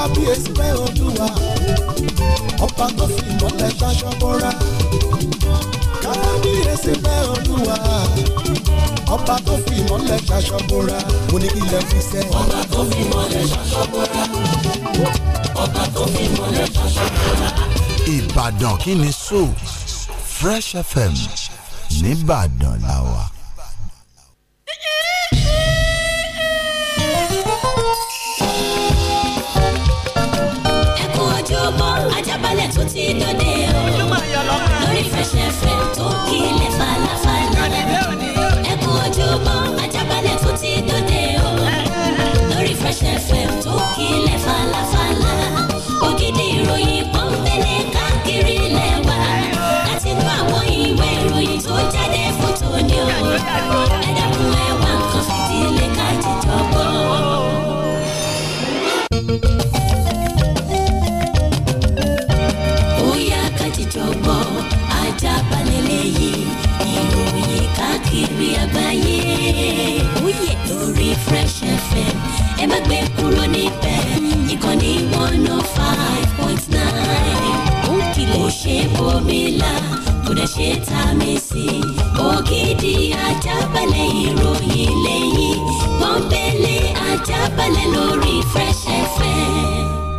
kábíyèsí pé Odùwà ọba tó fi ìmọ̀lẹ̀ gbàjọ bọ́ra kábíyèsí pé Odùwà ọba tó fi ìmọ̀lẹ̀ ṣaṣọ bora mo ní kí ilẹ̀ fi sẹ́. ọba tó fi ìmọ̀lẹ̀ ṣaṣọ bora ọba tó fi ìmọ̀lẹ̀ ṣaṣọ bora. Ìbàdàn kí ni so Fresh FM nìbàdàn làwà. Fresh FM tó kílẹ̀ falafala. ẹ kú ojúmọ́ Ajaabale tó ti dòde o lórí Fresh FM tó káàkiri àgbáyé. Oyè lórí Fresh FM ẹ má gbé kúrò níbẹ̀ ìkànnì one oh five point nine. Ó kìlẹ̀ ó ṣe bòmílà kò dẹ̀ ṣe tà mí sí. Ògidì ajábalẹ̀ ìròyìn lẹ́yìn pọ́npẹ́lẹ́ ajábalẹ̀ lórí Fresh FM.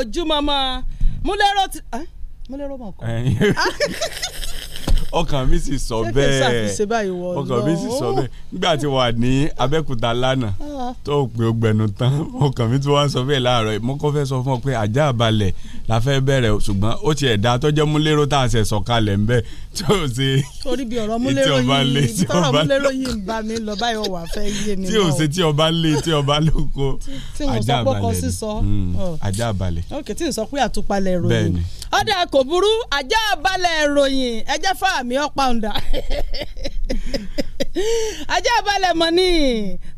ojúmọmọ múlẹ́rọ̀ ti múlẹ́rọ̀ mọ̀ kọ́. ọkàn mi sì sọ bẹ́ẹ̀ ọkàn mi sì sọ bẹ́ẹ̀ nígbà tí wà ní Abẹ́òkúta lánàá ah. tó pé o gbẹ̀nu tán ọkàn mi tí wọ́n sọ bẹ́ẹ̀ láàárọ̀ mo kọ́ fẹ́ sọ fún ọ pé ajá balẹ̀ la fẹ́ bẹ̀rẹ̀ ṣùgbọ́n ó tiẹ̀ dá tọ́jọ́ múlẹ́rọ̀ tá a ṣẹ̀ sọ̀kalẹ̀ ń bẹ́ẹ̀ tó ṣe torí bí ọ̀rọ̀ múlẹ́rọ̀ yìí bí ọ̀rọ̀ múlẹ́rọ̀ yìí ń bá mi lọ báyọ̀ wà fẹ́ yé mi náà. tí o ṣe tí ọba lé tí ọba lóko ajá balẹ̀ ni hmm, oh. ajá balẹ̀. ok tí n sọ pé àtúpalẹ̀ ìròyìn ọ̀dà kò burú ajá balẹ̀ ìròyìn ẹjẹ́ fáàmì ọ̀pá ọ̀dà ajá balẹ̀ mọ̀ ní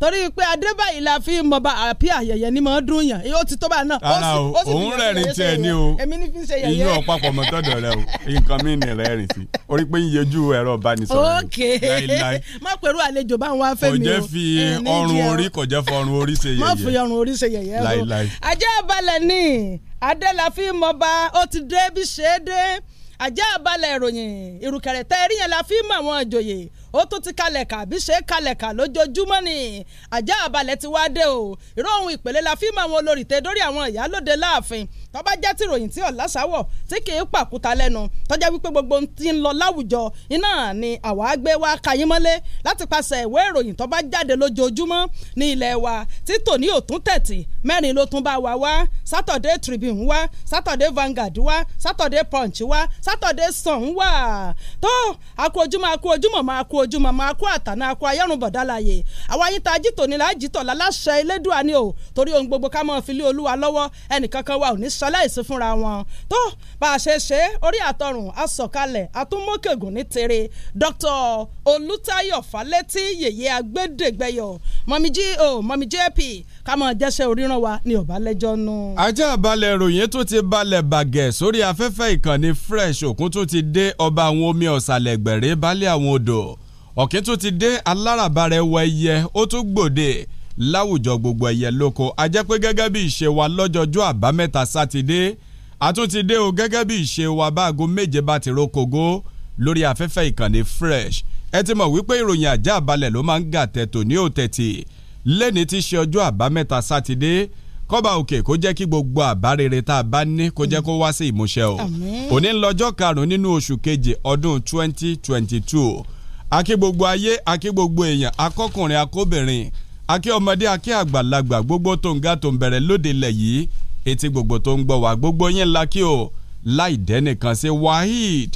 torí pé adébáyìí la fi mọ̀ bá àpí àyẹ̀yẹ̀ ni mọ̀ ọ́ dùn yàn yóò ti tó bá náà. ara o òun rẹ̀rìn tiẹ̀ ni o iyún ọ̀pá pọ̀ mọ́tọ́dọ̀ rẹ o nǹkan mi nì rẹ̀rìn sí orí pé ń yẹjú ẹ ẹ̀rọ ìbánisọ̀rọ̀ láíláí. má pẹ̀lú àlejò bá ń wá fẹ́ mi o. kò jẹ́ fi ọrùn orí kò jẹ́ fi ọrùn orí ṣe yẹ̀yẹ́. má fi ọrùn orí ṣe yẹ̀yẹ́ o. láíláí. ajá balẹ̀ ni adélàfi mọba ó ti dé bí ṣe é dé ajá balẹ̀ ìròyìn ìrùkẹ̀rẹ̀ tẹ́ yẹn la fi mọ àwọn ìjòyè ó tún ti kalẹ̀ kà bí ṣe kalẹ̀ kà lójoojúmọ́ ni àjẹ́ àbálẹ̀ ti wá dé o ìró ohun ìpele la fi mọ àwọn olórí tẹ dórí àwọn ìyálóde láàfin tó bá jẹ́ tìròyìn tí ọ̀la sáwọ̀ tí kì í pàkúta lẹ́nu tó jẹ́ wípé gbogbo ohun tí ń lọ láwùjọ iná ni àwa gbé wá kayín mọ́lé láti paṣẹ ìwé ìròyìn tó jáde lójoojúmọ́ ní ilẹ̀ wa tí tòní òtún tẹ̀tì mẹ́rin ló tún bá wa wá Saturday Tribune wá Saturday Vanguard wá Saturday Punch wá Saturday Sun wá tó àkójúmọ́ àkójúmọ́ máa kó ojú màmá akó àtàná akó ayárùn bọ̀dá láàyè àwa yín ta jítò ní láàjì tọ̀lá láṣẹ elédùà o torí ohun gbogbo ká máa fi lé olúwa lọ́wọ́ ẹnìkankan wa ò ní ṣaláìsí fúnra wọn tó bá a ṣe ṣe orí àtọrùn asọ̀kalẹ̀ atúmọ̀kẹ́gùn ní tere Dr. Olùtayọ̀ Fálétí yèyé agbẹ́dẹ́gbẹ́yọ mọ̀mí o mọ̀mí jp ká máa jẹ́sẹ̀ oríran wa ni ọ̀bá nù. ajá balẹ̀ ìròyìn tó ti balẹ̀ bàgẹ́ sórí afẹ́fẹ́ ìkànnì fresh òkun tó ti dé ọba àwọn omi ọ̀sàlẹ̀gbẹ̀rẹ́ balẹ̀ àwọn odò ọ̀kín tún ti dé aláràbarẹ̀ wọ ẹyẹ ó tún gbòde láwùjọ gbogbo ẹyẹ lóko a jẹ́ pé gẹ́gẹ́ bí ìṣe wa lọ́jọ́jọ́ àbámẹ́ta sátidé àtúntì dé o gẹ́gẹ́ bí ìṣe wa bá méje bá ti rókògó lórí afẹ́fẹ́ ìkànnì fresh ẹ ti mọ̀ wípé ìròyìn àjá àbalẹ̀ ló máa ń gà tẹ̀tò ní òtẹ̀tì lẹ́ni tí í ṣe ọjọ́ àbámẹ́ta sátidé kọ́ba òkè kó jẹ́ kí gbogbo àbá rere tá a bá ní kó jẹ́ kó wá sí ìmúṣẹ o òní lọ́jọ́ karùn-ún nínú oṣù keje ọdún twenty twenty two akí gbogbo ayé akí gbogbo èèyàn akọkùnrin akóbìnrin akí ọmọdé akí àgbàlagbà gbogbo tó ń ga tó ń bẹ̀rẹ̀ lóde lẹ̀ yìí etí gbogbo tó ń gbọ́ wá gbogbo yín la kí o láì dẹ́nìkan ṣe Waheed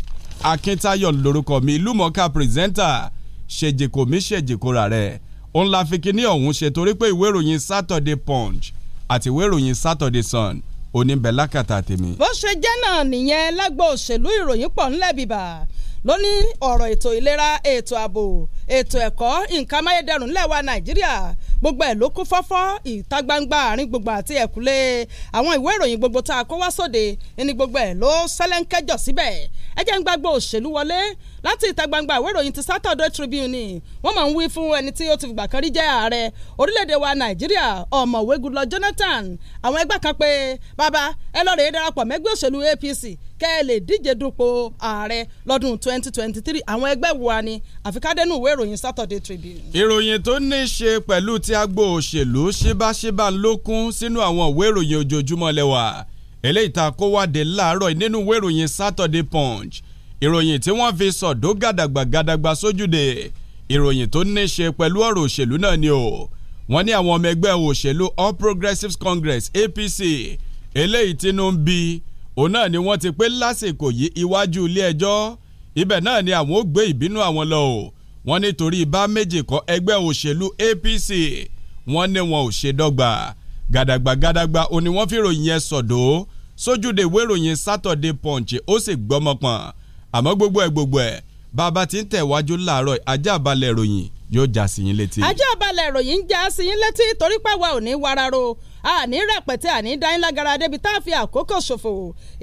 Akíntayọ̀ lórúkọ mi ìlúmọ̀ọ́ká pírẹsẹ́ńtà ṣèjìkò mi ṣèjìkò rà rẹ̀ òun la fi kíní ọ̀hún ṣe torí pé ìwé ìròyìn Saturday Punch àti ìwé ìròyìn Saturday Sun oníbẹ̀ lákàtà tèmi. bó ṣe jẹ́ náà nìyẹn lágbo òṣèlú ìròyìn pọ̀ ńlẹ̀ ló ní ọ̀rọ̀ ètò ìlera ètò ààbò ètò ẹ̀kọ́ nǹkan amáyédẹrùn lẹ́wà nàìjíríà gbogbo ẹ̀ ló kún fọ́fọ́ ìta gbangba àárín gbogbo àti ẹ̀kúlé àwọn ìwé ìròyìn gbogbo tá a kó wá sóde ní gbogbo ẹ̀ ló sẹ́lẹ̀ńkẹ́jọ síbẹ̀ ẹ jẹ́ ń gbàgbọ́ òṣèlú wọlé láti ìta gbangba ìwé ìròyìn ti Saturday Tribune wọ́n máa ń wí fún ẹni tí ó ti fìgbà kan rí jẹ́ ààrẹ orílẹ̀-èdè wa Nàìjíríà ọ̀mọ̀wé Goodluck Jonathan àwọn ẹgbẹ́ kan pé bàbá ẹ lọ́ọ́ rèé darapọ̀ mẹ́gbẹ́ òṣèlú APC kẹ́ ẹ lè díje dupò ààrẹ lọ́dún 2023 àwọn ẹgbẹ́ wo ni àfikádẹ́nu ìwé ìròyìn Saturday Tribune. ìròyìn tó ní í ṣe pẹ̀lú ti agbo òṣèlú ṣébáṣébá lókun sínú àwọn ìwé ìròyìn ojoojúmọ́ lẹ́wà eléyìí tá a kó wáde láàárọ̀ nínú ìwé ìròyìn Saturday Punch ìròyìn tí wọ́n fi sọ̀dọ́ gàdàgbà gàdàgbà sójúde ìròyìn tó ní ṣe pẹ̀lú ọ̀rọ̀ òṣèlú náà ni o wọ́n ní àwọn ọmọ ẹgbẹ́ òṣèlú All Progressives Congress APC eléyìí tínú ń bí òun náà ni wọ́n ti pé lásìkò yìí iwájú ilé ẹjọ́ ibẹ̀ náà ni àwọn ó gbé ìbínú àwọn lọ wọ́n nítorí bá méjì kọ́ ẹgbẹ́ òṣèlú APC wọ́n ní wọn ò ṣe dọ́gba gàdàgbà gàdàgbà ó ní wọ́n fi ròyìn yẹn sọ̀dọ̀ sójúde ìwé ìròyìn Saturday Punch ó sì gbọ́mọpọ̀n àmọ́ gbogbo ẹ̀ gbogbo ẹ̀ bàbá tí ń tẹ̀wájú láàárọ̀ ajá balẹ̀ ròyìn yóò já sí yín létí. ajá balẹ̀ ròyìn ń já sí létí torí pé àwa ò ní wararo àní rẹpẹtẹ àní dáín lágara débi tá a fi àkókò ṣòfò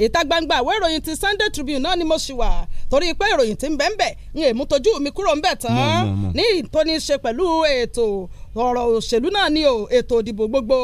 ìta gbangba àwọn ìròyìn ti Sunday Tribune náà ni mo ṣì wà torí pé ìròyìn ti ń bẹ́ẹ̀ bẹ́ẹ̀ ń èmú tójú mi kúrò ń bẹ̀ tán ní ìtòní ṣe pẹ̀lú ètò ọ̀rọ̀ òṣèlú náà ni o ètò ìdìbò gbogbo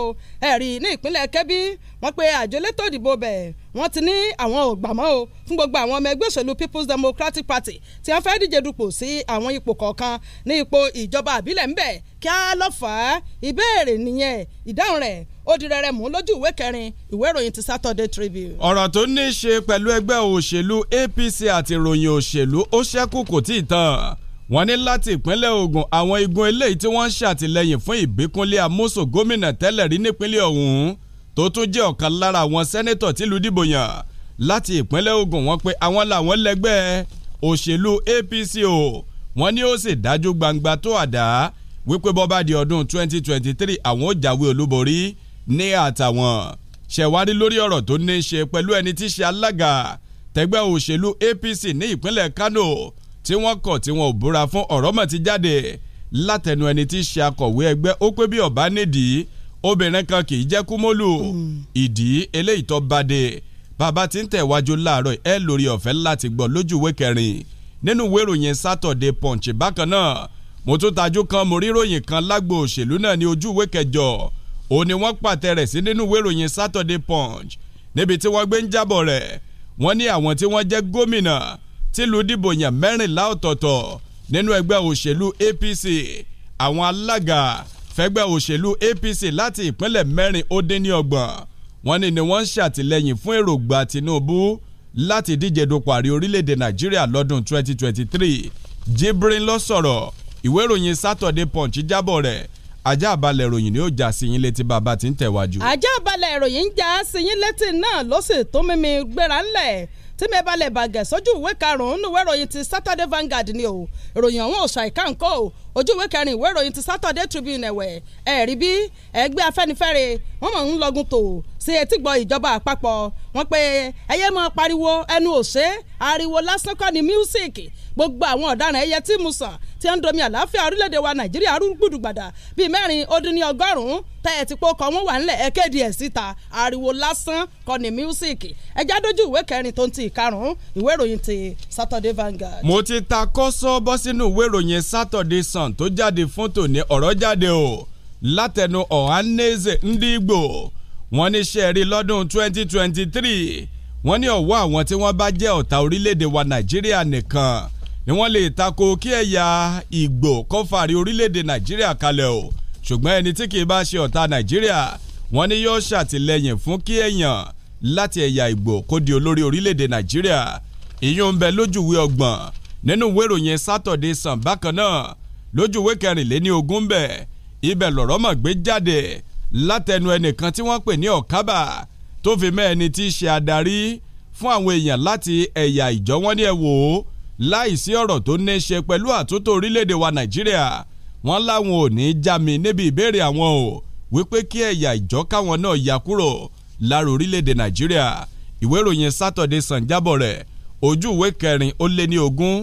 ẹ̀rí ní ìpínlẹ̀ Kebbi wọ́n pe àjọ elétò ìdìbò bẹ̀ wọ́n ti ní àwọn ògbàmọ́ o fún gbogbo àwọn ọmọ ẹgbẹ́ òṣèlú People's Democratic Party tí wọ́n fẹ́ díje dupò sí àwọn ipò kọ̀ọ̀kan ní ipò ìjọba àbílẹ̀ ńbẹ̀ kí á lọ́fàá ìbéèrè nìyẹn ìdáhùn rẹ̀ ó di rẹ̀rẹ̀ mú lójú ìwé kẹrin ìwé ìròyìn ti Saturday Tribune. ọ̀rọ̀ tó ní í ṣe pẹ̀lú ẹgbẹ́ òṣèlú APC àti ìròyìn òṣèlú ó ṣẹ́kù kò tí ì tán wọ́n ní láti ìpínlẹ̀ Ògùn àwọn igun eléyìí tí wọ́n ń ṣàtìlẹ́yìn fún Ìbíkúnlé Amósò gómìnà tẹ́lẹ̀ rí nípínlẹ̀ ọ̀hún tó tún jẹ́ ọ̀kan lára àwọn sẹ́nẹ́tọ̀ tìlú dìbò yàn láti ìpínlẹ̀ Ògùn wọ́n pé àwọn làwọn lẹ́gbẹ́ òṣèlú APC o wọ́n ní ó sì dájú gbangba tó àdá wípé bọ́bá di ọdún 2023 àwọn ó jáwé olúborí ní àtàwọn ṣẹ̀wárí lórí ọ̀rọ̀ tó ní í ṣe pẹ̀lú ẹni tí í ṣe alága tẹgbẹ́ òṣèlú APC ní ìpínlẹ̀ Kano tí wọ́n kọ̀ tí wọ́n ò búra fún ọ̀rọ̀ mọ̀ ti jáde látẹnu ẹni tí í ṣe akọ̀wé ẹgbẹ́ ó pé bí ọ̀bá nídìí obìnrin kan kì í jẹ́ kúmọ́lù hmm. ìdí eléyìí tó bade bàbá tí ń tẹ̀wájú láàárọ̀ ẹ lórí ọ̀fẹ́ láti gbọ́ lójúwé kẹrin nínú ìwé ìròyìn Saturday Punch bákan náà mo tún tajú kan mo rí ìròyìn kan lágbo òṣèlú náà ní ojúwé kẹjọ ó ní wọ́n pàtẹ rẹ̀ sí nínú ìwé ìròyìn Saturday Punch níbi tí wọ́n gbé ń jábọ̀ rẹ̀ wọ́n ní àwọn tí wọ́n jẹ́ gómìnà tìlú dìbò yàn mẹ́rìnlá ọ̀tọ̀ọ̀tọ̀ nínú ẹgbẹ́ òṣèlú APC àwọn alága fẹ́gbẹ́ òṣèlú APC láti ìpínlẹ̀ mẹ́rin ó dín ní ọgbọ̀n wọ́n ní ni wọ́n ń ṣàtìlẹ́yìn fún èròǹgbà Tinubu láti díje dupò àrí orílẹ̀-èdè Nàìjíríà lọ́dún 2023 Jibrin ló sọ̀rọ̀ ìwé ìròyìn Saturday Punch jábọ̀ rẹ̀ ajá balẹ̀ ìròyìn ni ó já sí yín létí bàbá tí ń tẹ̀wájú. ajá balẹ̀ ìròyìn ń já sí yín létí náà ló sì tó mímí gbéra ńlẹ̀ tí mi balẹ̀ bàgẹ̀ sójú ìwé karùn-ún ìwé ìròyìn ti Saturday Vanguard ni o ìròyìn ọ̀hún ò ṣàìká nǹkan o ojú ìwé kẹrin ìwé ìròyìn ti Saturday Tribune ẹ̀wẹ̀ ẹ̀rí bí ẹgbẹ́ afẹ́nifẹ́re wọ́n mọ̀ ń lọ́gun tó sí etígbọ̀ ìjọba àpapọ̀ wọ́n pe ẹyẹ máa pariwo ẹnu òṣè ariwo lásán kọ́ ni mísíkì gbogbo àwọn ọ̀daràn ẹyẹ tí mo sàn tí ń domi àlàáfíà orílẹ̀-èdè wa nàìjíríà arúgbùdùgbàdà bíi mẹ́rin ó dín ní ọgọ́rùn-ún tẹ́ ẹ̀ ti wọ́n wà ńlẹ̀ ẹ kéde ẹ̀ síta ariwo lásán kọ́ ni mísíkì ẹjá dojú ìwé kẹrin tó ń ti ìkarùn-ún ìwé ti ta kọ́sọ́ bọ́ sínú ìwé ìròyìn Saturday Sun tó jáde fún tòní ọ̀rọ̀ jáde o látẹnu wọn ní sẹ́ẹ̀rí lọ́dún 2023 wọn ní ọ̀wọ́ àwọn tí wọ́n bá jẹ́ ọ̀tá orílẹ̀ wa Nàìjíríà nìkan ni wọ́n lè tako kí ẹ̀yà Ìgbò kó fàrí orílẹ̀-èdè Nàìjíríà kalẹ̀ o ṣùgbọ́n ẹni tí kì í bá ṣe ọ̀tá Nàìjíríà wọ́n ní yóò ṣàtìlẹ́yìn fún kí èèyàn láti ẹ̀yà Ìgbò kó di olórí orílẹ̀-èdè Nàìjíríà ìyún ń bẹ lójúwe ọgbọ̀n nínú ìwé ìròyìn Saturday Sun bákan náà lójúwe kẹrìnléní ogún bẹ̀ ibẹ̀ lọ̀rọ̀ mọ̀ gbé jáde látẹnu ẹnìkan tí wọ́n pè ní Ọ̀kábà tó fi mẹ́ẹ̀ni tí í ṣe adarí fún àwọn èèyàn láti ẹ̀yà ìjọ wọn ní ẹ̀wò láìsí ọ̀rọ̀ tó ní í ṣe pẹ̀lú àtúntò orílẹ̀-èdè wa nàìjíríà wọ́n láwọn ò ní í já mi níbi ìbéèrè àwọn o wípé kí ẹ̀yà ìjọ káwọn náà yà kúrò lára orílẹ̀-èdè nàìjíríà ìwé ìròyìn Saturday Sun jábọ̀ rẹ̀ ojú ìwé kẹrin ó lé ní ogún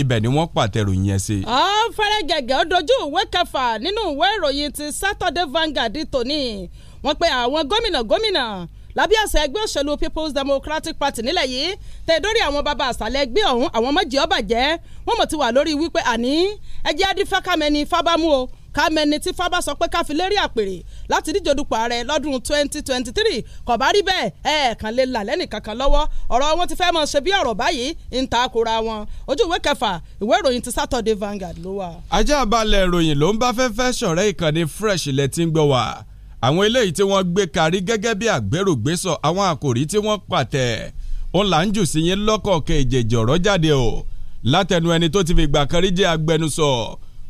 ibẹ̀ ni wọ́n pàtẹ́rù yẹn sí. ọ fẹ́rẹ́ gẹ̀gẹ́ ó dojú ìwé kẹfà nínú ìwé ìròyìn ti Saturday Vanguard tòní wọ́n pe àwọn gómìnà gómìnà lábẹ́ àṣẹ ẹgbẹ́ òṣèlú People's Democratic Party nílẹ̀ yìí tẹ̀ dórí àwọn bàbá àṣàlẹ̀ ẹgbẹ́ ọ̀hún àwọn mọ̀jì ọ̀bàjẹ́ wọ́n mọ̀ ti wà lórí wípé àní ẹjẹ́ adífẹ́ kámẹ́ni fábámú o kámẹ́ni tí fábà sọ pé káfi lérí àpèrè láti díje dupò ààrẹ lọ́dún 2023 kò bá rí bẹ́ẹ̀ ẹ̀ẹ̀kan lè là lẹ́nì kankan lọ́wọ́ ọ̀rọ̀ wọn ti fẹ́ mọ̀ ṣe bí ọ̀rọ̀ báyìí ń ta kura wọn ojú ìwé kẹfà ìwé ìròyìn ti Saturday Vanguard ló wà. ajá balẹ̀ ìròyìn ló ń bá fẹ́fẹ́ ṣọ̀rẹ́ ìkànnì fresh ilẹ̀ tí ń gbọ́ wà àwọn eléyìí tí wọ́n gbé karí gẹ́gẹ́ bí àgbérògbésọ àwọn àkòrí tí wọ́n pàtẹ́ òun là ń jù sí yín lọ́kọ̀ọ̀kẹ́ ìjẹ̀jọ̀rọ̀ jáde o látẹnu ẹni tó ti fi gbà kan rí jẹ́ agbẹnusọ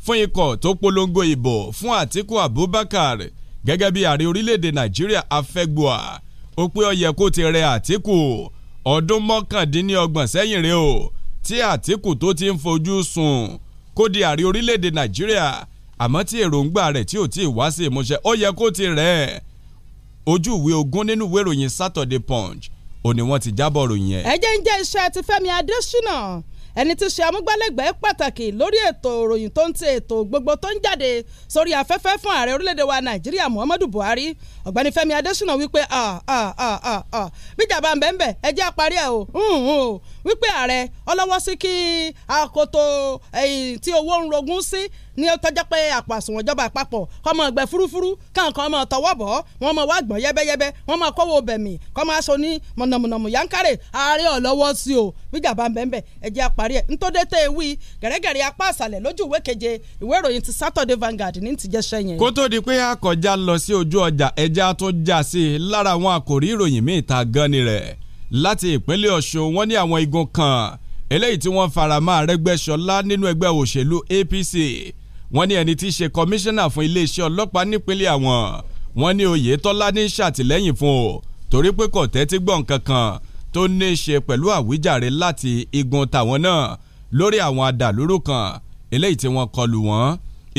fún ikọ̀ tó polongo ìbò fún Àtíkù Abubakar gẹ́gẹ́ bí ààrẹ orílẹ̀-èdè Nàìjíríà afẹ́gbọ́à ó pé ó yẹ kó ti rẹ Àtíkù ọdún mọ́kàndínlọ́gbọ̀n sẹ́yìn rẹ̀ o tí Àtíkù tó ti ń fojú sùn kó di ààrẹ orílẹ̀-èdè Nàìjíríà àmọ́ tí èròǹgbà rẹ̀ tí ò tí ì wá sí ìmúṣẹ ó yẹ kó ti rẹ̀ ẹ́ ojú ìwé ogún nínú ìwé ìròyìn Saturday Punch ò ní wọ́n ti jábọ̀ ròyìn ẹ̀. ẹ jẹ́ ń jẹ́ iṣẹ́ ti Fẹ́mi Adésínà ẹni tí ṣe amúgbálẹ́gbẹ̀ẹ́ pàtàkì lórí ètò ìròyìn tó ń ti ètò gbogbo tó ń jáde sórí afẹ́fẹ́ fún ààrẹ orílẹ̀-èdè wa nàìjíríà muhammadu buhari ọ̀gbẹ́ni fẹ́mi adésínà wípé bíjà bá ń bẹ́ẹ̀ bẹ́ẹ̀ ẹ jẹ́ àparí ẹ̀ o wípé ààrẹ ọlọ́wọ́ sí kí akoto tí owó ń rogún sí ní tọ́jọ́ pé àpò àsùnwọ̀n ìjọba àpapọ̀ kọ́ mọ̀ ọgbẹ́ fúrúfúrú káàkan ọmọ tọwọ́ bọ̀ wọ́n mọ̀ wá gbọ̀n yẹ́bẹ́yẹ́bẹ́ wọ́n mọ̀ kọ́wọ́ bẹ̀mí kọ́ mọ̀ aṣọ ní mọ̀nàmọ̀nàmù yankare ààrẹ ọ̀lọ́wọ́ sí o bíjà bá ń bẹ́ẹ̀ bẹ́ẹ̀ ẹ̀jẹ̀ àparí ẹ̀ ntọ́dé tẹ́ ẹ wí gẹ̀rẹ́gẹ̀rẹ́ apá àṣàlẹ̀ lójú ìwé keje ìwé ìròyìn ti Saturday Vanguard ní ti jẹ́sẹ̀ yẹn. kó tó di pé akọjá lọ sí ojú ọjà ẹja tó já sí i lára àwọn àkòrí ìròyìn míì ta gan ni rẹ̀ láti ìpínlẹ̀ ọ̀ṣun wọ́n ní àwọn igun kan eléyìí tí wọ́n fara mọ́ àrẹ́gbẹ́ṣọlá nínú ẹgbẹ́ òṣèlú apc wọ́n ní ẹni tí í ṣe kọmíṣánná fún iléeṣẹ́ ọlọ́pàá nípínlẹ̀ àwọn wọ́n ní oyetola ní ṣàtìlẹ́yìn fún o torí pé kò tẹ́tí gbọ́ nǹkan kan tó ní í ṣe pẹ̀lú àwíjàre láti igun tàwọn náà lórí àwọn àdàlúrú kan eléyìí tí wọ́n kọlù wọ́n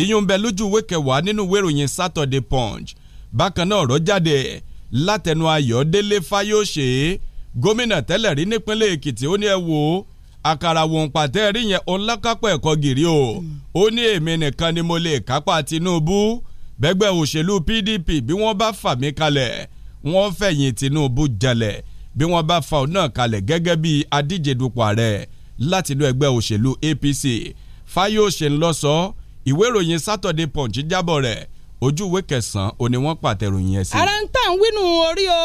ìyún ń bẹ lójú ìwé kẹwàá nínú ìwé ìròyìn Saturday Punch bákan náà ọ̀rọ̀ jáde látẹnu Ayọ̀délé Fáyóṣe gómìnà tẹ́lẹ̀ rí nípínlẹ̀ èkìtì ó ní ẹ wò ó àkàrà wọ̀n pàtẹ́ rí yẹn ọlákápọ̀ ẹ̀kọ́ gìrì o mm. ó ní èmi nìkan ni mo lè kápá Tinubu bẹ́gbẹ́ òṣèlú PDP bí wọ́n bá fà mí kalẹ̀ wọ́n fẹ̀yìn Tinubu jalẹ̀ bí wọ́n bá fa òun náà kalẹ̀ gẹ́gẹ́ bí adíje dupò ààrẹ látinú ẹgbẹ́ òṣèlú APC Fáyọ̀ṣe ńlọ́sọ ìwé ìròyìn Saturday Punch jábọ̀ rẹ̀ ojú ìwé kẹsàn-án ó ní wọ́n pàtẹ́ròyìn ẹ̀ sí. ara ń tàn wínú orí o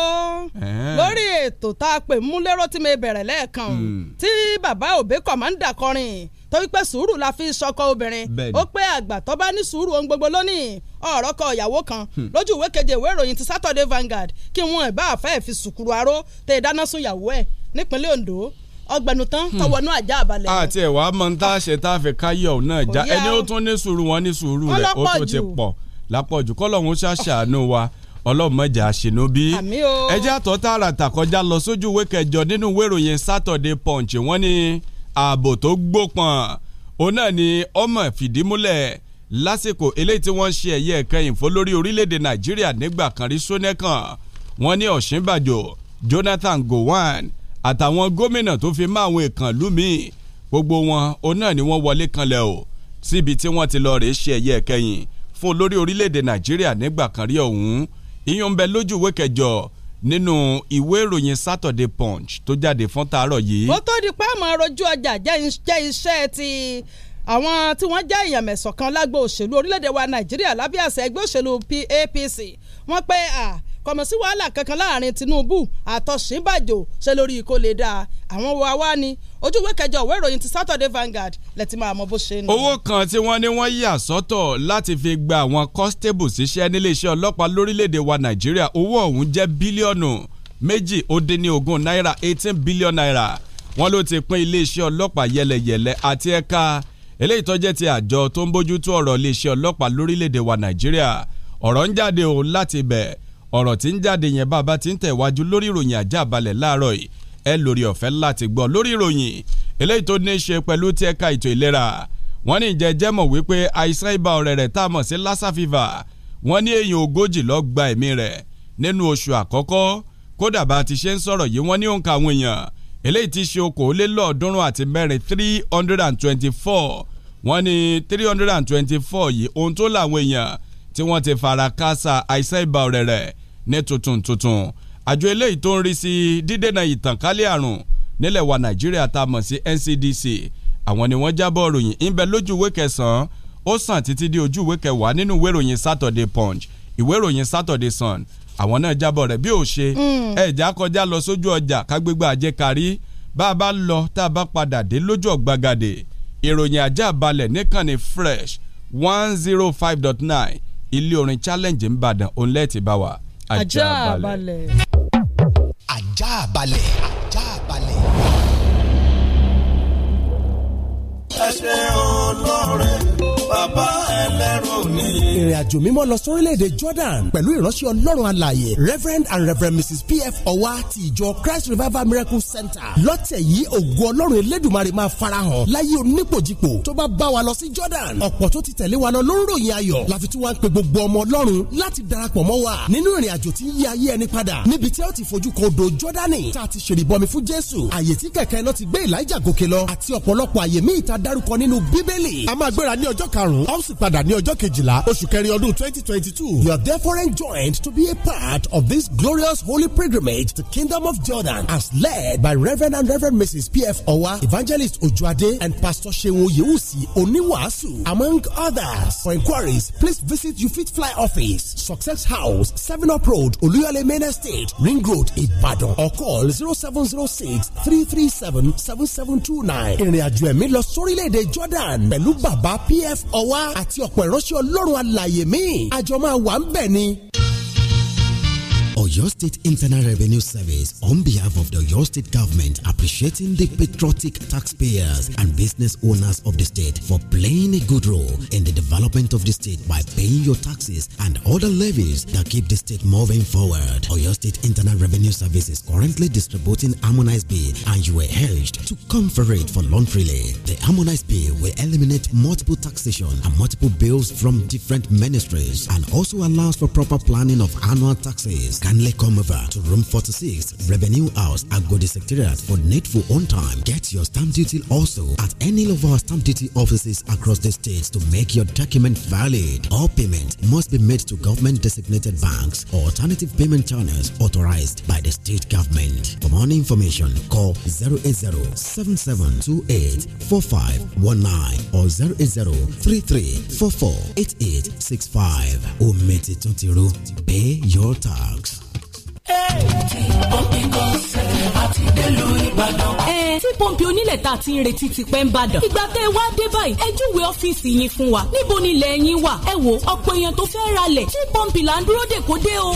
lórí ètò tá a pè mú lérò tí mi bẹ̀rẹ̀ lẹ́ẹ̀kan hmm. tí bàbá òbí kọ̀mọ́ndà kọrin torí pé sùúrù la fi sọkọ obìnrin ó pé àgbà tó bá ní sùúrù ohun gbogbo lónìí ọ̀rọ̀ kọ ìyàwó kan hmm. lójú ìwé keje ìwé ìròyìn ti Saturday Vanguard kí wọn ẹ̀ bá àfẹ́ fi sùkúrú aró tẹ ìdáná sun ìyàwó ẹ̀ nípínlẹ̀ Ondo ọgbẹnutan hmm. tọwọnú àjà àbálẹ. àti ẹ̀wà mọ̀ ń tá a ṣe tá a fi káyọ̀ náà já ẹni ó tún ní sùúrù wọn ní sùúrù rẹ̀ ó tó ti pọ̀ lápọ̀jù kọ́lọ́hún ṣàṣàánú wa ọlọ́mọjà àṣìnúbí ẹjẹ́ àtọ́ tààràtà kọjá lọ sójú ìwé kẹjọ nínú ìwé ìròyìn Saturday Punch wọ́n ní ààbò tó gbópọn òun náà ni ọmọ fìdímúlẹ̀ lásìkò eléyìí tí wọ́n ń ṣe ẹ̀yẹ ìkẹyìn fún lórí orílẹ̀-èdè Nàìjíríà nígbà kan rí sónẹ́kàn wọ́n ní Ọ̀ṣínbàjò Jonathan Gowan àtàwọn gómìnà tó fi mọ́ àwọn ìkànnlú míì gbogbo wọn òun náà ni wọ́n wọlé kanlẹ̀ o síbi tí wọ́n ti lọ rèé ṣe ẹ̀yẹ ìkẹyìn fún olórí orílẹ̀-èdè nàìjíríà nígbà kan rí ọ̀hún ìyún bẹ lójú ìwé kẹjọ nínú ìwé ìròyìn Saturday Punch tó jáde fún tàárọ̀ yìí. ó tó di pé àmọ́ rojú ọjà jẹ́ iṣẹ́ ti àwọn tí wọ́n jẹ́ èèyàn mẹ̀sàn kan lágbo òṣèlú orílẹ̀-èdè wa nàìjíríà lábẹ́ àṣẹ ẹgbẹ́ òṣèlú APC wọ́n pé à kọ̀mọ̀ sí wàhálà kankan láàrin Tinubu àtọ̀sínbàjò ṣe lórí ikó lè dáa àwọn wa wá ni ojúwé kẹjọ ìwé ìròyìn ti Saturday Vanguard lẹ́tí máa mọ bó ṣe ń lọ. owó kan tí wọ́n ní wọ́n yà sọ́tọ̀ láti fi gba àwọn constables iṣẹ́ níléeṣẹ́ ọlọ́pàá lórílẹ̀‐èdè wa Nàìjíríà owó ọ̀hún jẹ́ bílíọ̀nù méjì ó dín ní ogún náírà eighteen billion naira wọ́n ló ti pín iléeṣẹ́ ọlọ́pàá yẹlẹyẹlẹ àti ẹ̀ka eléyìí tó jẹ́ ti àjọ tó ń bójútó ọ̀rọ̀ iléeṣẹ́ ọlọ́pàá lórílẹ̀‐èdè wa Nàìjíríà ọ̀rọ̀ ń jáde o láti bẹ̀ẹ́ ọ̀rọ̀ tí ń jáde yẹn bá a bá ti ń tẹ̀wájú lórí ìròyìn àjàbalẹ̀ láàárọ̀ yìí ẹ lórí ọ̀fẹ́ láti gbọ́ lórí ìròyìn eléyìí tó ní í ṣe pẹ̀lú ti ẹ̀ka ètò ìlera wọ́n ní ìjẹ́ jẹ́mọ̀ wípé àìsàn ibà ọ̀rẹ̀rẹ̀ tá a mọ̀ sí lassa fever wọ́n ní èèyàn ogójì ló gba ẹ̀mí rẹ̀ nínú oṣù àkọ́kọ́ kódà bá a ti ṣe ń sọ̀rọ̀ yìí wọ́n ní òǹkà èèyàn eléyìí ti ṣe okòólélọ́ọ̀ọ́dúnrún àti mẹ́rin three hundred and twenty-four wọ́n ní three hundred and twenty-four yìí ohun tó làwọn èèyàn tí wọ́n ti fara káásá àìsàn ibà ọ̀rẹ̀rẹ̀ ní tuntun tuntun àjọ eléyìí tó ń rí sí dídènà ìtànkálẹ̀ àrùn nílẹ̀ wa nàìjíríà tá a mọ̀ sí NCDC àwọn ni wọ́n jábọ̀ ròyìn ńbẹ lójú ìwé kẹsàn-án ó sàn títí di ojú ìwé kẹwàá nínú ìwé ìròyìn Saturday Punch ìwé ìròyìn Saturday Sun àwọn náà jábọ̀ rẹ̀ bí ó ṣe mm. ẹ̀já kọjá lọ sójú ọjà kágbégbá àjẹkárí bá a bá lọ tá a bá padà dé lójú ọ̀gbagadè ìròyìn ajá balẹ̀ níkànnì fresh one zero five dot nine ilé orin challenge ńbàdàn òun lẹ́ẹ̀tì bá wà ajá balẹ̀. ajá balẹ̀ ajá balẹ̀. ẹ ṣe bàbá ẹlẹ́rù ni. ìrìn àjò mímọ́ lọ sórílẹ̀-èdè Jordan pẹ̀lú ìránṣẹ́ ọlọ́run alààyè Reverend and Reverend Mrs P.F. Ọwá ti ìjọ Christ Revival Miracle Center lọ́tẹ̀ yìí ògo ọlọ́run elédùnmarè máa farahàn láyé onípòjìpò tó bá bá wa lọ sí Jordan ọ̀pọ̀ tó ti tẹ̀lé wa lọ ló ń ròyìn ayọ̀ láfi tí wọ́n ń pe gbogbo ọmọ ọlọ́run láti darapọ̀ mọ́ wa nínú ìrìn àjò tí ń yí ayé ẹni padà níbi tí ó ti fojú kan odò Jọ́dánì tá a ti ṣèrìbọmi fún Jésù àyè tí kẹ̀kẹ́ náà ti gbé Èlíjà gòkè lọ àti ọ̀pọ̀lọpọ̀ àyè míì ta dárúkọ nínú Bíbélì a máa gbéra ní ọjọ́ k karùn-ún ó sì padà ní ọjọ́ kejìlá oṣù kẹrin ọdún twenty twenty two you are therefore enjoined to be a part of this glorious holy pilgrimage to kingdom of Jordan as led by Reverend and Reverend Mrs. P.F. Owa Evangelist Ojuade and Pastor Seun Yewusi Oniwasu among others for inquiries please visit Ufit fly office Success House Seven Up Road Oluyale Main Estate Ring Road Ibadan or call 0706 seven zero six three three seven seven seven ẹ̀mí lọ sórílẹ̀-èdè Jordan pẹ̀lú bàbá P.F ọwá àti ọ̀pọ̀ ìránṣẹ́ ọlọ́run alàyè míì àjọ máa ń bẹ̀ ni. Oyo State Internal Revenue Service, on behalf of the Oyo State government, appreciating the patriotic taxpayers and business owners of the state for playing a good role in the development of the state by paying your taxes and other levies that keep the state moving forward. Oyo State Internal Revenue Service is currently distributing Harmonized Pay, and you were urged to come for it for launch relay. The Harmonized Pay will eliminate multiple taxation and multiple bills from different ministries and also allows for proper planning of annual taxes kindly come over to room 46, Revenue House, Agodi Secretariat for needful on time. Get your stamp duty also at any of our stamp duty offices across the state to make your document valid. All payments must be made to government designated banks or alternative payment channels authorized by the state government. For more information, call 080 7728 4519 or 080 3344 8865. Omete Pay your tax. tí pọ́ǹpì onílẹ̀ tá a ti ń retí ti pẹ́ ń bàdàn. ìgbà tẹ́ ẹ wá dé báyìí ẹ júwe ọ́fíìsì yín fún wa níbo ni ilẹ̀ yín wà. ẹ wo ọ̀pọ̀ èèyàn tó fẹ́ ra lẹ̀ tí pọ́ǹpì là ń dúró dè kó dé o.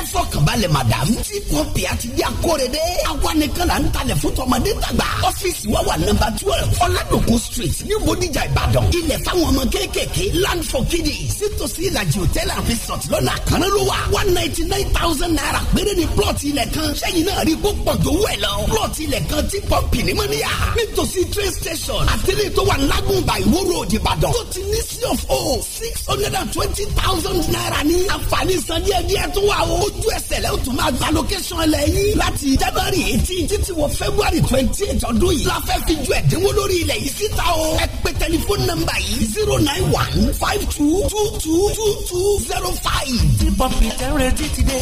ẹ fọkàn balẹ̀ madam tí pọ́ǹpì àti bí akóredé. àwa nìkan là ń talẹ̀ fún tọmọdé tàgbà. ọ́fíìsì wa wà nọ́mbà twelve ọ̀làdòkun street ní bodijà ìbàdàn. ilẹ̀ fáwọn ọmọ kéékèèké land for kiddies sítòsí ìlàjì hòtẹ́ẹ̀lì àfisọ̀t lọ́nà àkànlélówà one ninety nine thousand náírà péré ni plọ̀tì ilẹ̀ kan sẹ́yìn náà rí kó pọ̀ tó wẹ̀ lọ. plọ̀tì ilẹ̀ kan ti pọ́ǹpì ní mọ́níyà nítòsí train station àtẹ̀lé tó wà lágùnbà ìwó road ìbàdàn tó ti ní sí of o six hundred and twenty thousand náírà ní àǹfààní san díẹ̀ díẹ̀ tó wà o ojú ẹsẹ̀ lẹ́yìn tó máa gba location ẹlẹ́ yìí láti january eighteen títí wọ february twenty eight ọdún yìí la fẹ́ fi ju ẹ̀dínwó lórí ilẹ̀ yìí síta o ẹ pè tẹlifóònù nọ́mbà yìí zero nine one five two two two two two zero five. tí pọ́ǹpì tẹ́ ń retí ti dé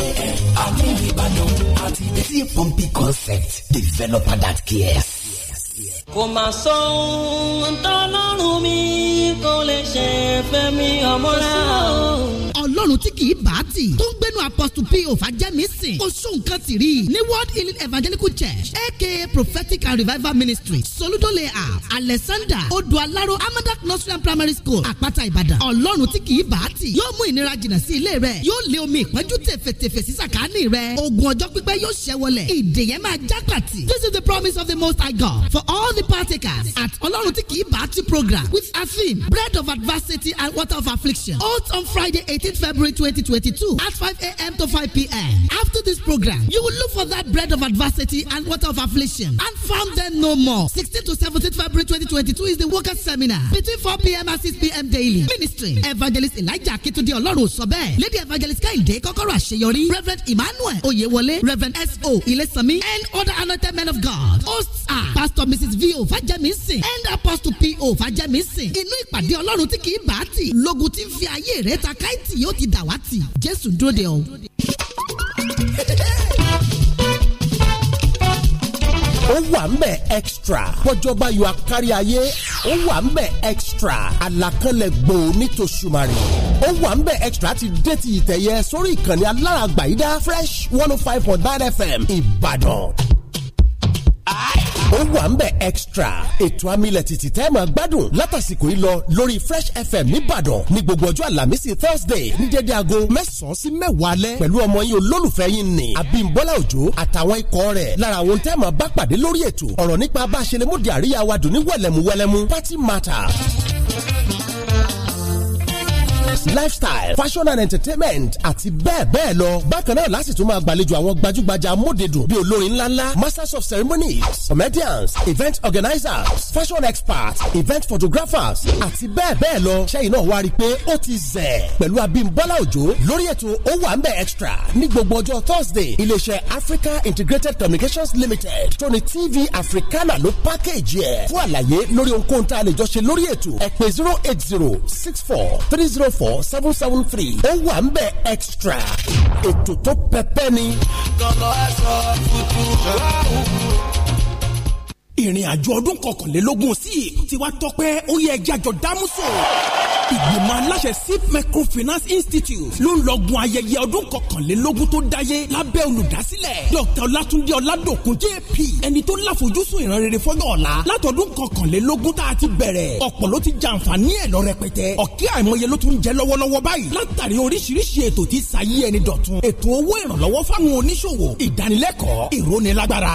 àti ìbàdàn àti ìdẹ́sí pọ́ǹpì concept developer that cares. kò mà sọ ohun tọ́lọ́run mi kò lè ṣe fẹ́mi ọmọ rẹ̀ ọlọ́run tí kì í bá tì tó ń gbénu apostle p o fàjẹ́mísìn oṣù nǹkan ti rí ní world healing evangelical church aka prophetic and revival ministry soludo layout alexander odualaro amadak nursery and primary school àpáta ìbàdàn ọlọ́run tí kì í bá tì yóò mú ìnira jìnnà sí ilé rẹ yóò lé omi ìpẹ́jù tẹ̀fẹ̀tẹ̀fẹ̀ sí sàkáání rẹ ogun ọjọ́ pípẹ́ yóò ṣẹ́ wọlé ìdè yẹn máa já pàtì this is the promise of the most high God for all the partakers at ọlọ́run tí kì í bá tì program with a theme bread of adversity and water of affliction hot on friday eighteen February 2022 at 5 a.m. to 5 p.m. After this program, you will look for that bread of adversity and water of affliction and found them no more. 16 to 17 February 2022 is the workers' seminar between 4 p.m. and 6 p.m. daily. Ministry Evangelist Elijah Akitunde Ọlọ́run sọ Lady Evangelist Kehinde Kọ́kọ́rọ́ Àṣeyọrí. Reverend Emmanuel Oyewole. Reverend S.O. Ilesami and other anointed men of God. Hosts are Pastor Mrs. V.O. Fajemisin and Apostle P.O. Fajemisin. Inú ìpàdé Ọlọ́run tí kì í bá reta kaiti. ti ó ti dàwátì jésù dúró de ọ. ó wà ń bẹ̀ extra bọ́jọ́ba yọ akárí ayé ó wà ń bẹ̀ extra àlàkalẹ̀ gbòó ní tòṣùmarì ó wà ń bẹ̀ extra ti dé ti ìtẹ̀yẹ sórí ìkànnì alárààgbà yìí dá fresh one oh five point nine fm ìbàdàn ó wà ń bẹ̀ extra ètò amilẹ̀ tìtì tẹ́ máa gbádùn látàsìkò yìí lọ lórí Fresh FM nìbàdàn ní gbogbo ọjọ́ àlàmísì Thursday ní dédé aago mẹ́sàn-án sí mẹ́wàá alẹ́ pẹ̀lú ọmọ yín olólùfẹ́ yín ni Abímbọ́lá Òjó àtàwọn ikọ̀ rẹ̀ lára àwọn tẹ́ máa bá pàdé lórí ètò ọ̀rọ̀ nípa bá a ṣe lè mú di àríyá wa dùn ní wẹ̀lẹ̀mú wẹ̀lẹ̀mú party matter lifestyle fashion and entertainment àti bẹ́ẹ̀ bẹ́ẹ̀ lọ bákan náà láti tún máa gbàlejò àwọn gbajúgbajà amódedùn bíi olórin ńláńlá masters of ceremonies comedians event organizers fashion experts event photographers àti bẹ́ẹ̀ bẹ́ẹ̀ lọ ṣẹ́yìn náà wá rí i pé ó ti zẹ̀ pẹ̀lú Abímbọ́lá Òjó lórí ètò ó wà ń bẹ̀ extra ní gbogbo ọjọ́ Thursday iléeṣẹ́ Africa Integrated Communications Limited tóní TV Africana ló package yẹ fún àlàyé lórí ohunkóhun tá a lè jọ ṣe lórí ètò ẹ zero eight zero six four three zero four four seven seven three ó wà ń bẹ̀ extra ètò tó pẹpẹ ni ìrìn àjò ọdún kọkànlélógún sí ti wá tọpẹ́ ó yẹ ẹjẹ àjọ dámúso ìgbìmọ̀ aláṣẹ sip microfinance institute ló ń lọ́gun ayẹyẹ ọdún kọkànlélógún tó dáyé lábẹ́ olùdásílẹ̀ dr olatunde ọládòkun jp ẹni tó láfojúsùn ìran rere fọ́jọ́ ọ̀la látọdún kọkànlélógún tá a ti bẹ̀rẹ̀ ọ̀pọ̀ ló ti jàǹfààní ẹ̀ lọ rẹpẹtẹ ọ̀kẹ́ àìmọye ló tún jẹ́ lọ́wọ́lọ́wọ́ báyìí látàrí oríṣiríṣi ètò tí sayé ẹni dọ̀tun ètò owó ìrànlọ́wọ́ fáwọn oníṣòwò ìdánilẹ́kọ̀ọ́ ìrónilágbára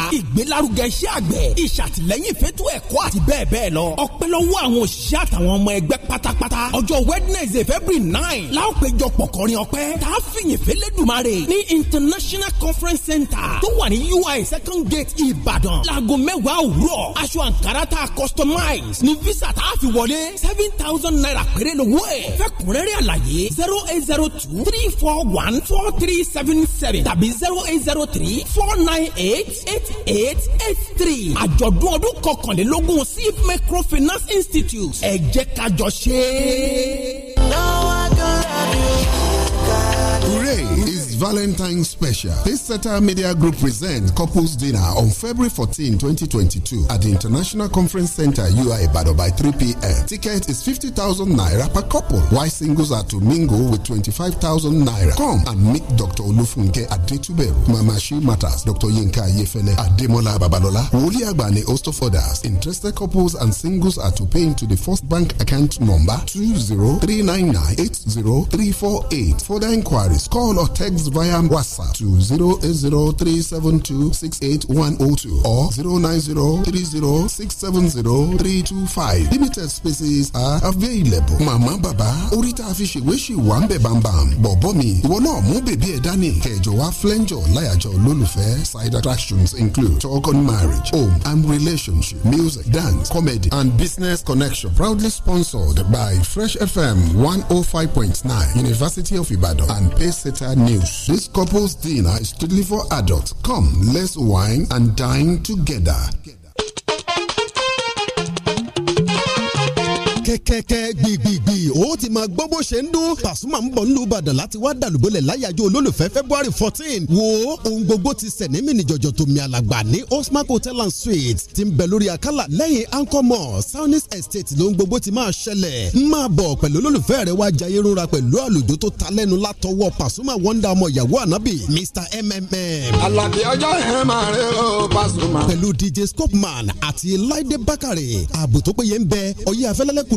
àtìlẹ́yìn fẹ́tọ́ ẹ̀kọ́ àti bẹ́ẹ̀ bẹ́ẹ̀ lọ. ọpẹ́ lọ́wọ́ àwọn òṣìṣẹ́ àtàwọn ọmọ ẹgbẹ́ pátápátá. ọjọ́ wednesday february nine la ó péjọ pọ̀ kọrin ọpẹ́. tá a fìyìn fẹ́lẹ́dùmarè ní international conference center tó wà ní ui second gate ìbàdàn. láago mẹ́wàá òwúrọ̀ aṣọ àǹkárá tá a customize ní visa tá a fi wọlé seven thousand naira péré lówó ẹ̀. fẹ́kùnrẹ́rẹ́ àlàyé zero eight zero two three four one four three seven seven tàbí zero eight zero three four nine eight eight eight eight three. àjọ̀dún àjọ̀dún ọdún kọkànlélógún sí microfinance institute ẹ jẹ́ ká jọ ṣe no Valentine's Special. This Satire Media Group presents Couples Dinner on February 14, 2022 at the International Conference Center, UI Ibadan by 3 p.m. Ticket is 50,000 naira per couple. Why singles are to mingle with 25,000 naira. Come and meet Dr. Olufunke Adetuberu, Mama She Matters, Dr. Yinka Yefele, Ademola Babalola, Wuli Agbani, host of others. Interested couples and singles are to pay into the first bank account number 20399 For Further inquiries, call or text via WhatsApp to 08037268102 or 09030670325. Limited spaces are available. Màmá bàbá orí tá a fi ṣèwé ṣì wà ń bẹ̀ bàǹbàǹ. Bọ̀bọ́ mi, ìwọ náà mú bèbí ẹ̀ dání. Kẹ̀jọ̀ wá flenjọ̀ láyàjọ́ lólùfẹ́. Side attractions include talk on marriage, home and relationship, music, dance, comedy and business connection. Proudly sponsored by Fresh FM 105.9, University of Ibadan and Pacesetter News. This couple's dinner is strictly for adults. Come, let's wine and dine together. kẹ́kẹ́kẹ́ gbìgbìgbì ó ti máa gbọ́ bó ṣe ń dún Pasuma ń bọ̀ nílùú Ìbàdàn láti wá dàlúbọ̀lẹ̀ láyàjọ́ olólùfẹ́ February fourteen wo ohun gbogbo ti sẹ̀ ní mìnìjọ̀jọ̀ tó mi àlàgbà ní Osmark Hotel and Suites ti ń bẹ lórí àkàlà lẹ́yìn Anchor Mall Saunis Estate lóhun gbogbo ti máa ṣẹlẹ̀ ń máa bọ̀ pẹ̀lú olólùfẹ́ rẹ̀ wá jayé rúra pẹ̀lú àlùjọ tó ta lẹ́nu látọwọ́ Pasuma wonder ọmọ ìyàwó Mr MMM. Àlàbí ọjọ́ ẹ̀ máa Pasuma. pẹ̀lú DJ Scopeman àti Láìdé Bákàrè ààbò tó péye ń bẹ ọyẹ́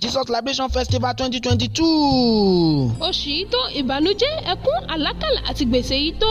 Jesus Liberation Festival twenty twenty two. oṣù yìí tó ìbànújẹ́ ẹkún àlákàlà àti gbèsè yìí tó.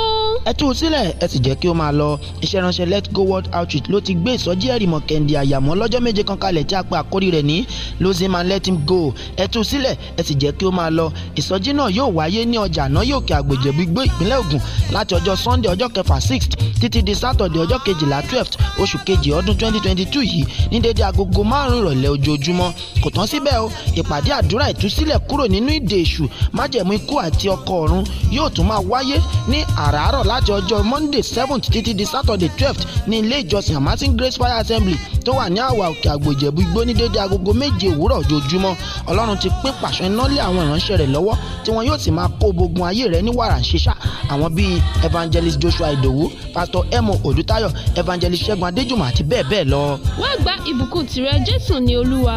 ẹ tú u sílẹ̀ ẹ sì jẹ́ kí ó máa lọ iṣẹ́ ránṣẹ́ Let Go World Outreach ló ti gbé ìsọjí ẹ̀rì mọ̀kẹ́ndì àyàmọ́ lọ́jọ́ méje kan kalẹ̀ tí a pe àkórí rẹ̀ ní losing man let him go ẹ tú u sílẹ̀ ẹ sì jẹ́ kí ó máa lọ ìsọjí náà yóò wáyé ní ọjà àná yóò kí àgbèjẹ gbígbó ìpínlẹ̀ Ògùn láti ọjọ́ Sunday ọjọ́ kẹfà sixth títí di Saturday ọjọ́ kejìlá twelfth oṣù kejì ọdún twenty twenty two yìí ní dédé agogo márùn-ún ìrọ̀lẹ́ ojoojúmọ́ kò tán síbẹ̀ o ìpàdé àdúrà ìtúsílẹ̀ kúrò nínú ìdè májẹ̀mú ikú àti ọkọ̀ ọ̀run yóò tún máa wáyé ní àràárọ̀ láti ọjọ́ monday seventh títí di saturday twelfth ní ilé ìjọsìn amasin grace fire assembly tó wà ní àwà òkè àgbòjẹ̀bú igbó ní déédéé agogo méje òwúrọ̀ ojoojúmọ́ ọlọ́run ti pín pàṣẹ iná àwọn ìránṣẹ́ rẹ̀ lọ́wọ́ tí wọn yóò sì máa kó gbogun ayé rẹ̀ ní wàrà ṣíṣà àwọn bíi evangelist joshua idowu pastor emo odutayo evangelist ṣẹ́gun adéjùmọ̀ àti bẹ́ẹ̀ bẹ́ẹ̀ lọ. wá gba ìbùkún tìrẹ jésù ní olúwa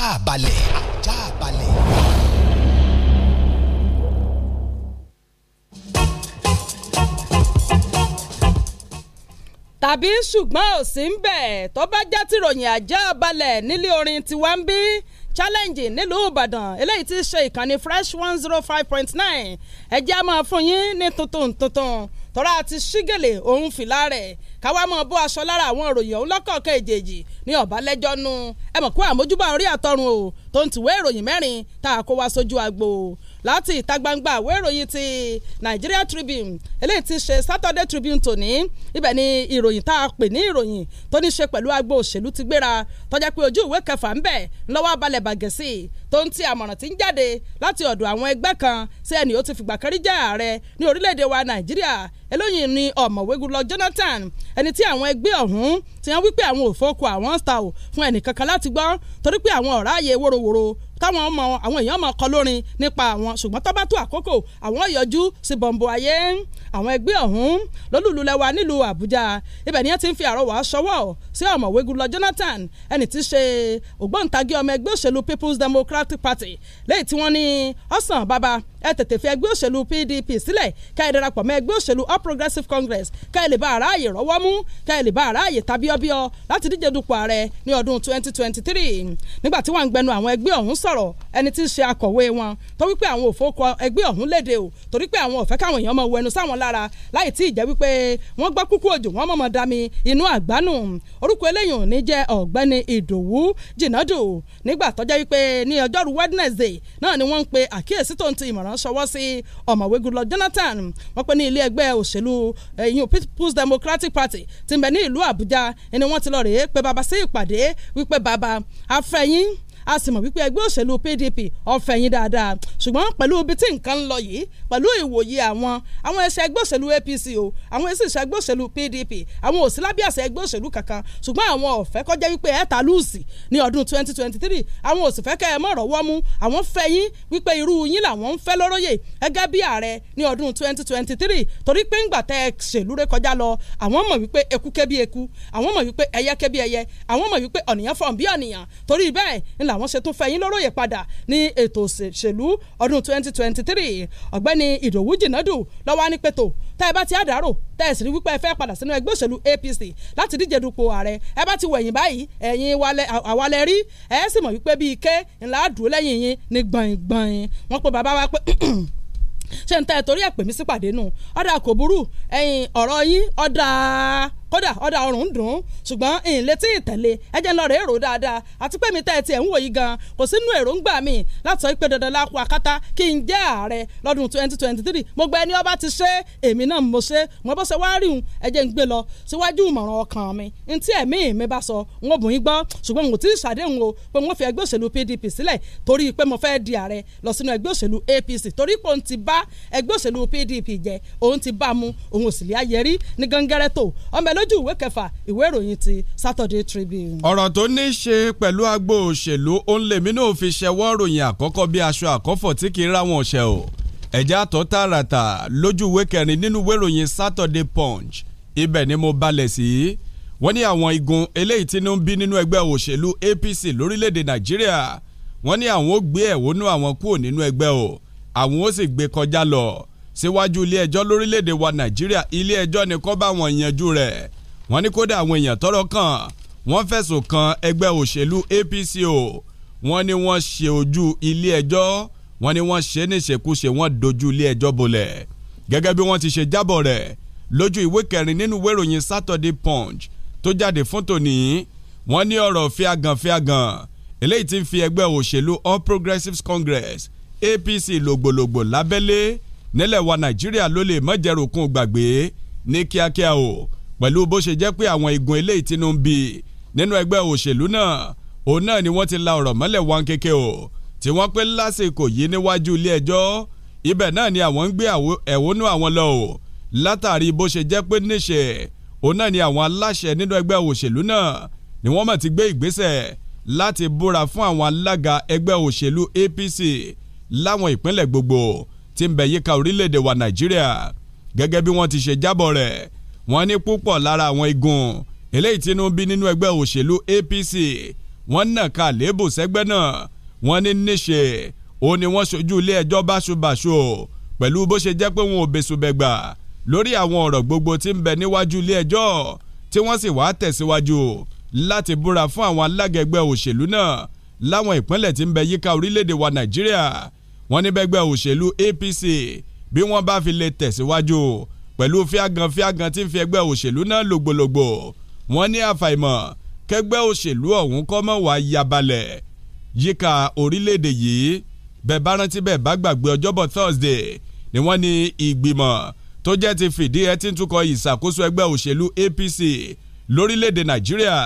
ajá balẹ̀ ajá balẹ̀. tàbí ṣùgbọ́n ò sí ń bẹ̀ tó bá jẹ́ tìròyìn ajá balẹ̀ nílé orin tiwa ń bí challenge nílùú ìbàdàn eléyìí ti ṣe ìkànnì fresh one zero five point nine ẹ jẹ́ á máa fún yín ní tuntun tuntun tọ́ra àti ṣígèlè òun fìlà káwá mọ̀ bó aṣọ lára àwọn ìròyìn ọ̀hún lọ́kọ̀ọ̀kan èjèèjì ní ọ̀bálẹ́jọ́ nu ẹ mọ̀ kó àmójúbà orí àtọrun o tó ń tìwé ìròyìn mẹ́rin tá a kó wá sójú agbo láti ìta gbangba àwọn ìròyìn ti Nigeria Tribune eléyìí ti ṣe Saturday Tribune tòní ibẹ̀ ni ìròyìn tá a pè ní ìròyìn tó ní ṣe pẹ̀lú agbo òṣèlú ti gbéra tọ́já pé ojú ìwé kẹfà ń bẹ̀ ńlọ́wọ́ abalẹ̀ bàgẹ́ sí i tó ń ti àmọ̀ràn tí ń jáde láti ọ̀dọ̀ àwọn ẹgbẹ́ kan sí ẹni ó ti fìgbà kan jẹ́ ààrẹ ní orílẹ̀-èdè wa Nàìjíríà eléyìí ni ọ̀mọ̀wé Goodluck Jonathan ẹni tí àwọn ẹgbẹ́ ọ̀hún ti hàn wípé àwọn ò fọ́kù àwọn star o fún ẹnìkankan láti gbọ́ torí pé àwọn ọ̀rá ààyè wòrowòro táwọn ọmọ àwọn èèyàn mọ̀ kọ lórin nípa àwọn ṣùgbọ́n tó bá tó àkókò àwọn yọjú sí bọ̀m̀bọ̀ ayé àwọn ẹgbẹ́ ọ̀hún lólùlù lẹ́wà nílùú Àbújá ibẹ̀ ni wọ́n ti ń fi àrọwà ṣọwọ́ sí ọ̀mọ̀wé Goodluck Jonathan ẹni tí í ṣe ògbóǹtagì ọmọ ẹgbẹ́ òṣèlú People's Democratic Party lẹ́yìn tí wọ́n ní ọ̀sán bàbá ẹ tètè fi ẹgbẹ́ òṣèlú PDP sílẹ̀ ká ẹ darapọ̀ mọ́ ẹgbẹ́ òṣèlú All Progressives Congress ká ẹ lè bá aráàyè rọ́wọ́ mú ká ẹ lè bá aráàyè tabíọ́bíọ́ láti díje dupò ààrẹ ní ọdún 2023 nígbà tí wọ́n ń gbẹnu àwọn ẹgbẹ́ ọ̀hún sọ̀rọ̀ ẹni tí í ṣe akọ̀wé wọn tó wípé àwọn ò fowókọ ẹgbẹ́ ọ̀hún léde o torí pé àwọn ò fẹ́ káwọn èèyàn mọ wẹnu sáwọn lára láì tí ì jẹ́ wípé wọ́n gbọ́ kúkú òjò wọ́n mọ̀mọ́ dami inú àgbánù orúkọ eléyìí ní jẹ́ ọ̀gbẹ́ni ìdòwú jìnàdù nígbà tó jẹ́ wípé ní ọjọ́rú Wednesday náà ni wọ́n ń pe àkíyèsí tó ń ti ìmọ̀ràn àwòrán ṣọwọ́ sí ọ̀mọ̀wé Goodluck Jonathan wọ́n pẹ́ ní ilé ẹgbẹ́ òṣèlú ẹ̀yìn eh, People's Democratic Party ti ń bẹ ní ìlú Àbújá ẹni wọ́n ti lọ rèé pé baba sí ìpàdé wípé baba afẹ́yìn a sì mọ̀ wípé ẹgbẹ́ òṣèlú PDP ọ̀fẹ́ yín dáadáa ṣùgbọ́n pẹ̀lú ibi tí nǹkan ń lọ yìí pẹ̀lú ìwòye àwọn àwọn ẹsẹ̀ ẹgbẹ́ òṣèlú APC o àwọn ẹsẹ̀ ìṣẹ́ ẹgbẹ́ òṣèlú PDP àwọn òsì lábẹ́ àṣẹ ẹgbẹ́ òṣèlú kankan ṣùgbọ́n àwọn ọ̀fẹ́ kọjá wípé ẹ̀ẹ́ta lùsì ní ọdún 2023 àwọn òsì fẹ́ kẹ́ ẹ mọ̀rọ̀ wọ́ mú àwọn fẹ́ yín wípé irú yín làwọn ń fẹ́ lọ́rọ́yè gẹ́gẹ́ bí ààrẹ ní ọdún 2023 torí pé ńgbà tẹ́ ẹ ṣèlú rẹ kọjá lọ àwọn mọ̀ wípé eku kẹ́bí eku àwọn mọ̀ wípé ẹyẹ kẹ́bí ẹyẹ àwọn mọ̀ wípé ọ̀nìyàn fọ̀n bí ọ̀nìyàn torí bẹ́ẹ̀ ńlá àwọn ṣe tún fẹ̀yìn lóróyè padà ní ètò òṣèlú ọdún 2023 ọ̀gbẹ́ni ìdòwú jìnàdù lọ́wọ́ ní pẹ̀tò tá ẹ bá ti àdárò tá ẹ sì rí wípé ẹ fẹ́ padà sínú ẹgbẹ́ òṣèlú APC láti díje dupò ààrẹ ẹ bá ti wẹ̀yìn báyìí ẹ̀yin àwalẹ̀ rí ẹ sì mọ̀ wípé bíi ké ńlá dùn lẹ́yìn yín ní gbọ̀ngbọ̀n wọn pe bàbá wa pé ṣé n ta ẹ̀ torí ẹ̀ pè mí sípàdé nù ọ̀dà kò burú ẹ̀yin ọ̀rọ̀ yín ọ̀dà kódà ọ̀dà ọ̀run ń dùn ṣùgbọ́n ìǹlẹ̀ tí ìtẹ̀lé ẹjẹ̀ lọ́ọ̀rẹ́ èrò dáadáa àti pé mi tẹ́ẹ̀ tiẹ̀ ń wò gan kò sínú èròǹgbà mi láti sọ pé dandan lápò àkátá kí n jẹ́ ààrẹ lọ́dún twenty twenty three mo gba ẹni ọba ti ṣe èmi náà mo ṣe mo bó ṣe wá rí un ẹjẹ̀ ń gbé lọ síwájú ìmọ̀ràn ọkàn mi n tí ẹ̀mí mi bá sọ n ò bùn yín gbọ́ ṣùgbọ́n mo ti ṣàdéhùn o pé wọ́n fi ẹgbẹ́ òṣèlú PDP sílẹ̀ torí mu òun ò sì lè ayẹrí ní gangẹrẹ tó lójú ìwé kẹfà ìwé ìròyìn ti Saturday Tribune. ọ̀rọ̀ tó ní í ṣe pẹ̀lú agbo òṣèlú òun lèmi náà fi ṣẹwọ́ ròyìn àkọ́kọ́ bí aṣọ àkọ́fọ̀ tí kì í ra wọn ṣẹ o ẹ̀já tó tààràtà lójú ìwé kẹrin nínú ìwé ìròyìn Saturday Punch ibẹ̀ ni mo balẹ̀ sí i wọ́n ní àwọn igun eléyìí tí ń bí nínú ẹgbẹ́ òṣèlú APC lórílẹ̀‐èdè Nàìjíríà wọ́n ní àwọn ó gbé ẹ̀wọ́nú àwọn kúrò nínú ẹgbẹ́ o àwọn ó sì gbé kọjá lọ síwájú ilé ẹjọ́ lórílẹ̀‐èdè wa nàìjíríà ilé ẹjọ́ ni kó bá wọn yanjú rẹ̀ wọ́n ní kódà àwọn èèyàn tọ́rọ̀ kàn wọ́n fẹ̀sùn kan ẹgbẹ́ òṣèlú APC o wọ́n ní wọ́n ṣe ojú ilé ẹjọ́ wọ́n ní wọ́n ṣe níṣekúṣe wọ́n dojú ilé ẹjọ́ bolẹ̀ gẹ́gẹ́ bí wọ́n ti ṣe jábọ̀ rẹ̀ lójú ìwé kẹrin nínú ìwé Saturday Punch tó jáde fún tòní wọ́n ní ọ̀rọ̀ fíagàn fíagàn eléyìí ti ń fi ẹgbẹ́ òṣèlú All Progressives Congress APC lògbòlògbò lábẹ́lé nílẹ̀ wa nàìjíríà ló lè mọ́jẹ̀rùkún gbàgbé ní kíákíá o pẹ̀lú bó ṣe jẹ́ pé àwọn igun eléyìí tínú ń bí nínú ẹgbẹ́ òṣèlú náà òun náà ni wọ́n ti la ọ̀rọ̀ mọ́lẹ̀ wọn kéke o tí wọ́n pé lásìkò yìí níwájú ilé ẹjọ́ ibẹ̀ náà ni àwọn ń gbé ẹ̀hónú àwọn lọ o látàrí bó ṣe jẹ́ pé níṣe òun náà ni àwọn aláṣẹ nínú ẹgbẹ́ òṣèlú náà ni wọ́n mọ̀ ti gbé ìgbésẹ̀ láti búra fún àwọn alága ẹgbẹ́ òṣèlú APC láwọn ìpínlẹ̀ gbogbo tí ń bẹ yíká orílẹ̀-èdè wa nàìjíríà gẹ́gẹ́ bí wọ́n ti ṣe jábọ̀ rẹ̀ wọ́n ní púpọ̀ lára àwọn igun eléyìí tínú bí nínú ẹgbẹ́ òṣèlú APC wọ́n nà ká lébù sẹ́gbẹ́ náà wọ́n ní níṣe ó ní wọ́n ṣojú ilé ẹjọ́ báṣubàṣu pẹ̀lú bó ṣe jẹ́ pé wọn ò bẹ́sùbẹ̀gbà lórí àwọn ọ̀rọ̀ gbogbo tí ń bẹ níwájú ilé ẹjọ́ tí wọ́n sì wá tẹ̀síwájú láti búra fún àwọn alága ẹgbẹ́ òṣèlú náà láwọn ìpínlẹ̀ tí ń bẹ yíká orílẹ̀-èdè wa Nàìjíríà wọ́n ní bẹ́gbẹ́ òṣèlú APC bí wọ́n bá fi lè tẹ̀síwájú pẹ̀lú fíagàn fíagàn tí ń fi ẹgbẹ́ òṣèlú náà lògbòlògbò wọ́n ní àfàìmọ̀ kẹgbẹ́ òṣèlú ọ̀hún kọ́ mọ́ wá yabalẹ̀ yíká orílẹ̀-èdè yìí bẹ́ẹ̀ bá rántí bẹ́ẹ̀ bá gbàgbé ọjọ́bọ̀ Thursday ni wọ́n ní ìgbìmọ̀ tó jẹ́ ti fìdí ẹ tí ń túkọ̀ ìṣàkóso ẹgbẹ́ òṣèlú APC lórílẹ̀‐èdè Nàìjíríà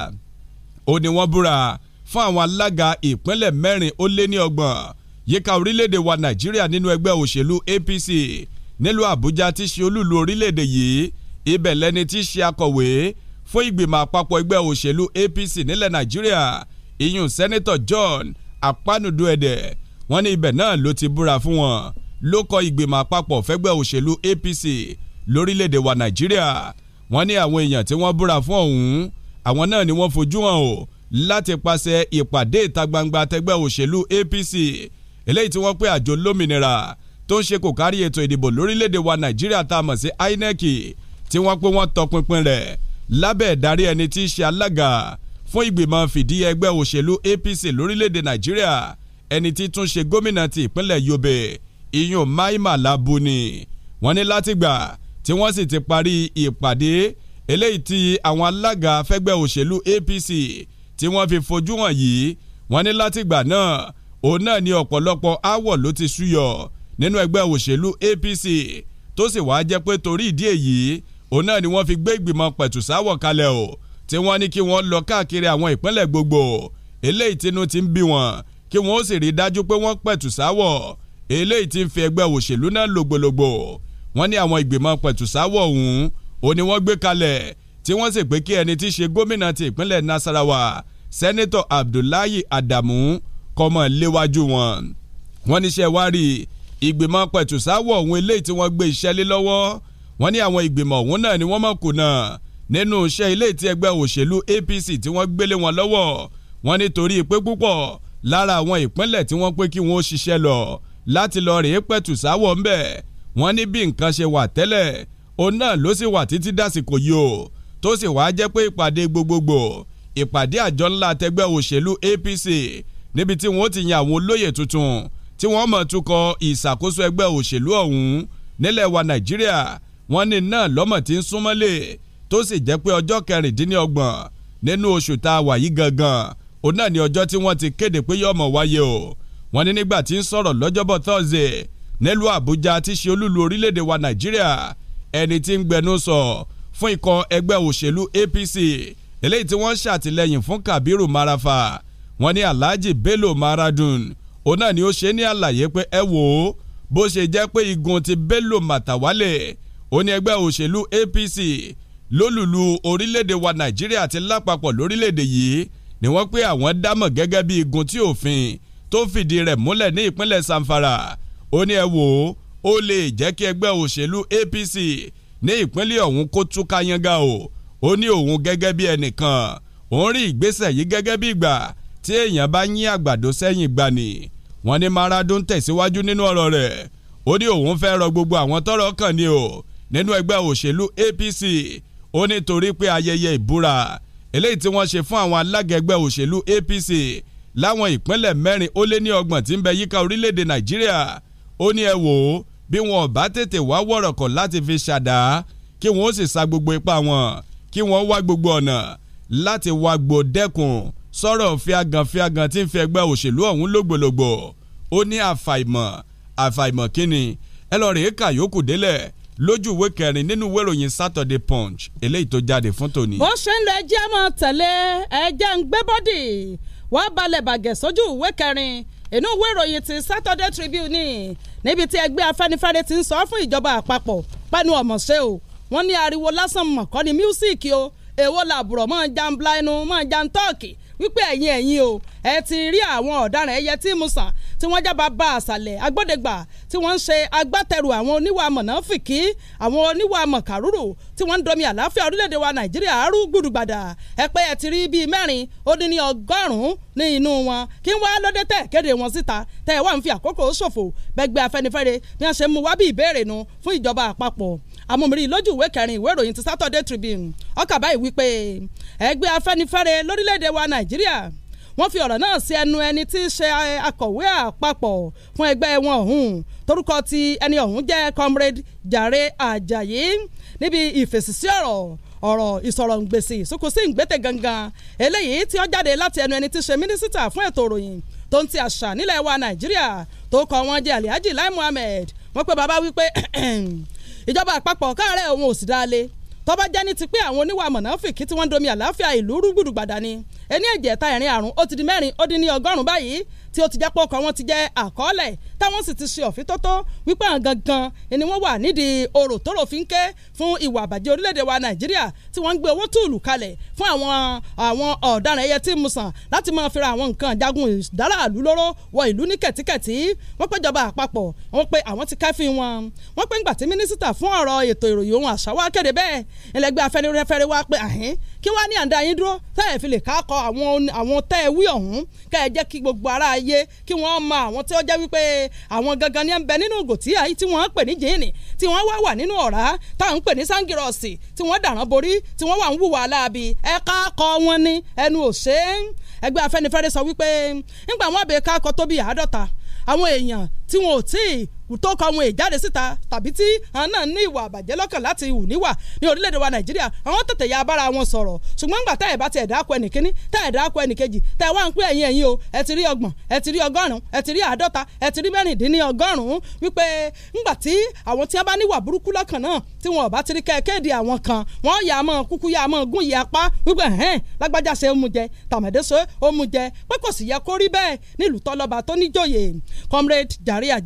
ó ní wọ́n búra fún àwọn alága ìpínlẹ̀ mẹ́rin ó lé ní ọgbọ̀n yíká orílẹ̀-èdè wa nàìjíríà nínú ẹgbẹ́ òṣèlú APC nílùú àbújá tí ṣe olúlu orílẹ̀-èdè yìí ibẹ̀ lẹni tí ṣe akọ̀wé fún ìgbìmọ̀ àpapọ̀ ẹgbẹ́ òṣèlú APC nílẹ̀ nàìjíríà ìyún sẹ́nẹ́tọ̀ John apánudu ẹ̀dẹ̀ wọ́n ní ibẹ̀ náà ló ti búra fún wọn ló kọ ìgbìmọ̀ àpapọ̀ fẹ́gbẹ́ òṣèlú APC lórílẹ̀-èdè wa nàìjíríà wọ́n ní àwọn èèyàn tí wọ́n búra fún ọ̀hún àwọn náà ni wọ́n fojú hàn o láti pàṣẹ ìpàdé ìta gbangba tẹgbẹ́ òṣèlú APC eléyìí tí wọ́n pè àjọ lómìnira tó ń ṣe kò kárí ètò ìdìbò lórílẹ̀‐èdè wa nàìjíríà tá a mọ̀ sí INEC tí wọ́n pé wọ́n tọpinpin rẹ̀ lábẹ́ ìdarí ẹni tí í ṣe alága fún ìgbìmọ̀ fìdí ẹgbẹ́ òṣèlú APC lórílẹ̀‐èdè nàìjíríà ẹni tí tún ṣe gómìnà ti ìpínlẹ̀ Yobe iyun maima Mala Buni wọ́n ní látìgbà tí wọ́n sì ti parí ìpàdé eléyìí tí àwọn alága fẹ́gbẹ́ òṣèlú APC tí wọ́n fi fojú hàn yìí wọ́n ní látìgbà náà òun náà ni ọ̀pọ̀lọpọ̀ aáwọ̀ ló ti súyọ nínú ẹgbẹ́ òṣèlú APC tó sì wáá jẹ́ pé torí ìdí èyí òun náà ni wọ́n fi gbé ìgbìmọ̀ pẹ̀tùsáwọ̀ kalẹ̀ o tí wọ́n ní kí wọ́n lọ káàkiri àwọn ìpínlẹ̀ gbogbo eléyìí tinú ti ń bí wọn kí wọ́n ó sì rí dájú pé wọ́n pẹ̀tùsáwọ̀ eléyìí ti ń fi ẹgbẹ́ òṣèlú náà lògbòlògbò wọ́n ní àwọn ìgbìmọ̀ pẹ̀tùsáwọ̀ ọ̀hún ó ní wọ́n gbé kalẹ̀ tí wọ́n sì pé kí ẹni tí í ṣe gómìnà ti ìpínlẹ̀ Nasarawa sẹ́nẹ́tọ̀ Abdullahi Adamu kọ́mọ léwájú wọn wọ́n níṣẹ́ wá rí ìgbìmọ̀ pẹ̀tùsáwọ̀ òun eléyìí tí wọ́n gbé iṣẹ́ lé lọ́wọ́ wọ́n ní àwọn ìgbìmọ̀ òun náà ni wọ́n mọ̀ kùnà nínú iṣẹ́ ilé tí ẹgbẹ́ òṣèlú APC tí wọ́n gbélé wọn lọ́wọ́ wọ́n nítorí pé púpọ̀ lára àwọn ìpínlẹ̀ tí wọ́n pé kí wọ́n ṣiṣẹ́ lọ láti lọ rèé pẹ̀tùsáwọ̀ ńbẹ̀ wọ́n ní bí nǹkan ṣe wà tẹ́lẹ̀ òun náà ló sì wà títí dàsìkò yìí o tó sì wáá jẹ́ pé ìpàdé gbogbogbò ìpàdé àjọ ńlá tẹgbẹ́ òṣèlú APC níbi tí wọ́n ti yan àwọn olóyè tuntun tí wọ́n mọ̀ tukọ̀ ìṣàkóso ẹgbẹ́ òṣèlú ọ̀hún nílẹ̀ wa nàìjíríà wọ́n ní náà lọ́mọ̀ tí ń súnmọ́lé tó sì jẹ́ pé ọjọ́ kẹrìndínlọ́gbọ̀n nínú oṣù tá a wà yí gangan òun náà ni ọjọ́ tí wọ́n ti kéde pé yọ̀mọ̀ wáyé o wọ́n ní nígbà tí ń sọ̀rọ̀ lọ́jọ́bọ̀ thursday nílùú àbújá tí ṣe olúlu orílẹ̀-èdè wa nàìjíríà ẹni tí ń gbẹnu sọ fún ikọ̀ ẹgbẹ́ òṣèlú apc eléyìí tí wọ́n ṣàtìlẹ́yìn fún kabiru marafa wọ́n ní Alhaji Bello Maradun òun náà ni ó ṣe ní àlàyé pé ẹ wò ó bó ṣe jẹ́ pé igun ti Bello Matawalle ó ní ẹgbẹ́ òṣèlú APC lólùlù orílẹ̀-èdè wa Nàìjíríà àti lápapọ̀ lórílẹ̀-èdè yìí ni wọ́n pé àwọn dámọ̀ gẹ́gẹ́ bí igun tí òfin tó fìdí rẹ̀ múlẹ̀ ní ìpínlẹ̀ Samfara ó ní ẹ wò ó ó lè jẹ́ kí ẹgbẹ́ òṣèlú APC ní ìpínlẹ̀ ọ̀hún kó túká yanga o ó ní òun gẹ́gẹ́ bí ẹnìkan òun rí ìgbésẹ̀ yìí gẹ́gẹ́ bí ìgbà tí èèyàn bá yín àgbàdo sẹ́yìn gbani wọ́n ní Maradona tẹ̀síwájú nínú ọ̀rọ̀ rẹ̀ ó ní òun fẹ́ rọ gbogbo àwọn tọ́rọ̀ kàn ní o nínú ẹgbẹ́ òṣèlú APC ó ní torí pé ayẹyẹ ìbúra eléyìí tí wọ́n ṣe fún àwọn alága ẹgbẹ́ òṣèlú APC láwọn ìpínlẹ̀ mẹ́rin ó lé ní ọgbọ̀n tí ń bẹ yíká orílẹ̀-èdè Nàìjíríà ó ní ẹ wò ó bí wọn ò bá tètè wá wọ̀rọ̀ láti fi ṣàdá kí wọn ó sì sa gbogbo ipá wọn kí wọn wá gbogbo ọ̀nà láti wá gbò dẹ́kun sọ̀rọ̀ fíagànfíagàn tí ń fi ẹgbẹ́ òṣèlú ọ̀hún lógbòlògbò ó ní àfàìmọ̀ àfàìmọ̀ kíni ẹ lọ rèé kà yòókù délẹ̀ lójú ìwé kẹrin nínú ìwé ìròyìn Saturday Punch eléyìí tó jáde fún tòní. bó ṣe ń lọ ẹjẹ́ máa tẹ̀lé ẹjẹ́ ń gbé bọ́dì wá balẹ̀ bàgẹ́ sójú ìwé kẹrin inú ìwé ìròyìn ti Saturday Tribune ni níbi tí ẹgbẹ́ Afẹ́nifẹ́re ti ń sọ fún ìjọba àpapọ̀ pẹ́nu ọ̀mọ̀ṣẹ́ o wọ́n ní ariwo lásán mọ̀kọ́ ni mísíkì o èwo làbùrọ̀ máa jan bla ẹnu máa jan wípé ẹ̀yin ẹ̀yin o ẹ ti rí àwọn ọ̀daràn ẹyẹ tí mo sàn tí wọ́n jábà bá àṣàlẹ̀ agbọ́dẹ̀gbà tí wọ́n ń ṣe agbátẹrù àwọn oníwà mọ̀nàfìkì àwọn oníwà mọ̀kàrúrù tí wọ́n ń dọmi àlàáfíà orílẹ̀-èdè wa nàìjíríà arú gbùdùgbàdà ẹ pé ẹ ti rí bíi mẹ́rin ó dín ní ọgọ́rùn-ún ní inú wọn kí wọ́n á lóde tẹ̀ kéde wọn síta tẹ̀ wá ń fi àkókò ṣòfò bẹ́gbẹ́ afẹ́nifẹ́re bí wọ́n ṣe mú wá bí ìbéèrè nu fún ìjọba àpapọ̀ amúmírí lójú ìwé kẹrin ìwé ìròyìn ti Saturday Tribune ọkà báyìí wípé ẹgbẹ́ afẹ́nifẹ́re lórílẹ̀‐èdè wa Nàìjíríà wọ́n fi ọ̀rọ̀ náà sí ẹnu ẹni tí í ṣe akọ̀wé àpapọ̀ fún ẹgbẹ́ wọn ọ̀hún torúkọ ti ẹni ọ̀hún jẹ́ comrade Jàre Àjàyí níbi ìfèsìsí ọ̀rọ̀ ọ̀rọ̀ ìsọ̀rọ̀ ngbèsì ìsúnkú sí ìgbésẹ̀ gangan eléyìí tí ó jáde láti ẹnu ẹni tí í ṣe mínísítà fún ètò ìròyìn tó ń ti àṣà nílẹ̀ wa Nàìjíríà tó kọ wọn jẹ́ Alhaji Lai Muhammed wọ́n pé bàbá wípé ìjọba àpapọ̀ káàárẹ̀ òun ò sì dáa lé tọ́ba jẹ́ ti pé àwọn oníwà mọ̀nàfìkì tí wọ́n domi àlàáfíà ìlú rúgbùdùgbàdà ni ẹni ẹ̀jẹ̀ ta ẹ̀rin àrùn ó ti di mẹ́rin ó dín ní ọgọ́rùn-ún báyìí tí ó ti jẹ́ pé ọkọ̀ wọn ti jẹ́ àkọọ́lẹ̀ táwọn sì ti ṣe ọ̀fíntótó wípé àwọn gangan ni wọ́n wà nídìí orò tóró fi ń ké fún ìwà àbàjẹ́ orílẹ̀-èdè wa nàìjíríà tí wọ́n ń gbé owó tùlù kalẹ̀ fún àwọn àwọn ọ̀daràn ẹyẹ tí mu sàn láti máa fira àwọn nǹkan jagun ìdáráàlú lóró wọ ìlú ní kẹ̀tíkẹ̀tí wọ́n péjọba àpapọ̀ wọ́n pe àwọn ti káfíń wọn wọ́n pe ńgbà tí mínísítà fún ọ̀rọ̀ ètò ìròyìn ohun àṣà wa kéde bẹ́ẹ̀ ẹlẹgbẹ́ afẹ́nirẹ́fẹ́rẹ́ wa pe àhín kí wọ́n á ní àǹdá yín dúró tẹ́ẹ̀ fi lè káàkọ́ àwọn tẹ́ẹ̀ wí ọ̀hún kẹ́ ẹ jẹ́ kí gbogbo ara láàyè kí wọ́n mọ àwọn tí ó jẹ́ wípé àwọn gangan ní ẹ̀ ń bẹ nínú gòtí àyí tí wọ́n ń pè ní jíìnì tí wọ́n wá wà nínú ọ̀rá tá à ń pè ní sángírọ̀sì tí wọ́n dàrán borí tí wọ́n wà ń hùwà láabi ẹ̀ka kọ wọn ní ẹnu òṣèǹ ẹgbẹ́ afẹ́nifẹ́re sọ wípé ńgbà wọn bẹ ká kọ tó bí àádọ́ta àwọn èèyàn tí wọn ò tí tó kọ ohun ìjáde síta tàbí tí àwọn náà ní ìwà àbàjẹ́ lọ́kàn láti hù níwà ní orílẹ̀-èdè wa nàìjíríà àwọn tètè ya abára wọn sọ̀rọ̀ ṣùgbọ́n ńgbà tá ẹ̀ bá ti ẹ̀dá akọ ẹnìkíní tá ẹ̀dá akọ ẹnìkejì tá ẹ̀ wá ń pé ẹ̀yin ẹ̀yin o ẹ̀ ti rí ọgbọ̀n ẹ̀ ti rí ọgọ́rùn-ún ẹ̀ ti rí àádọ́ta ẹ̀ ti rí mẹ́rìndínlọ́gọ́rùn-ún wípé ńgbà tí àwọn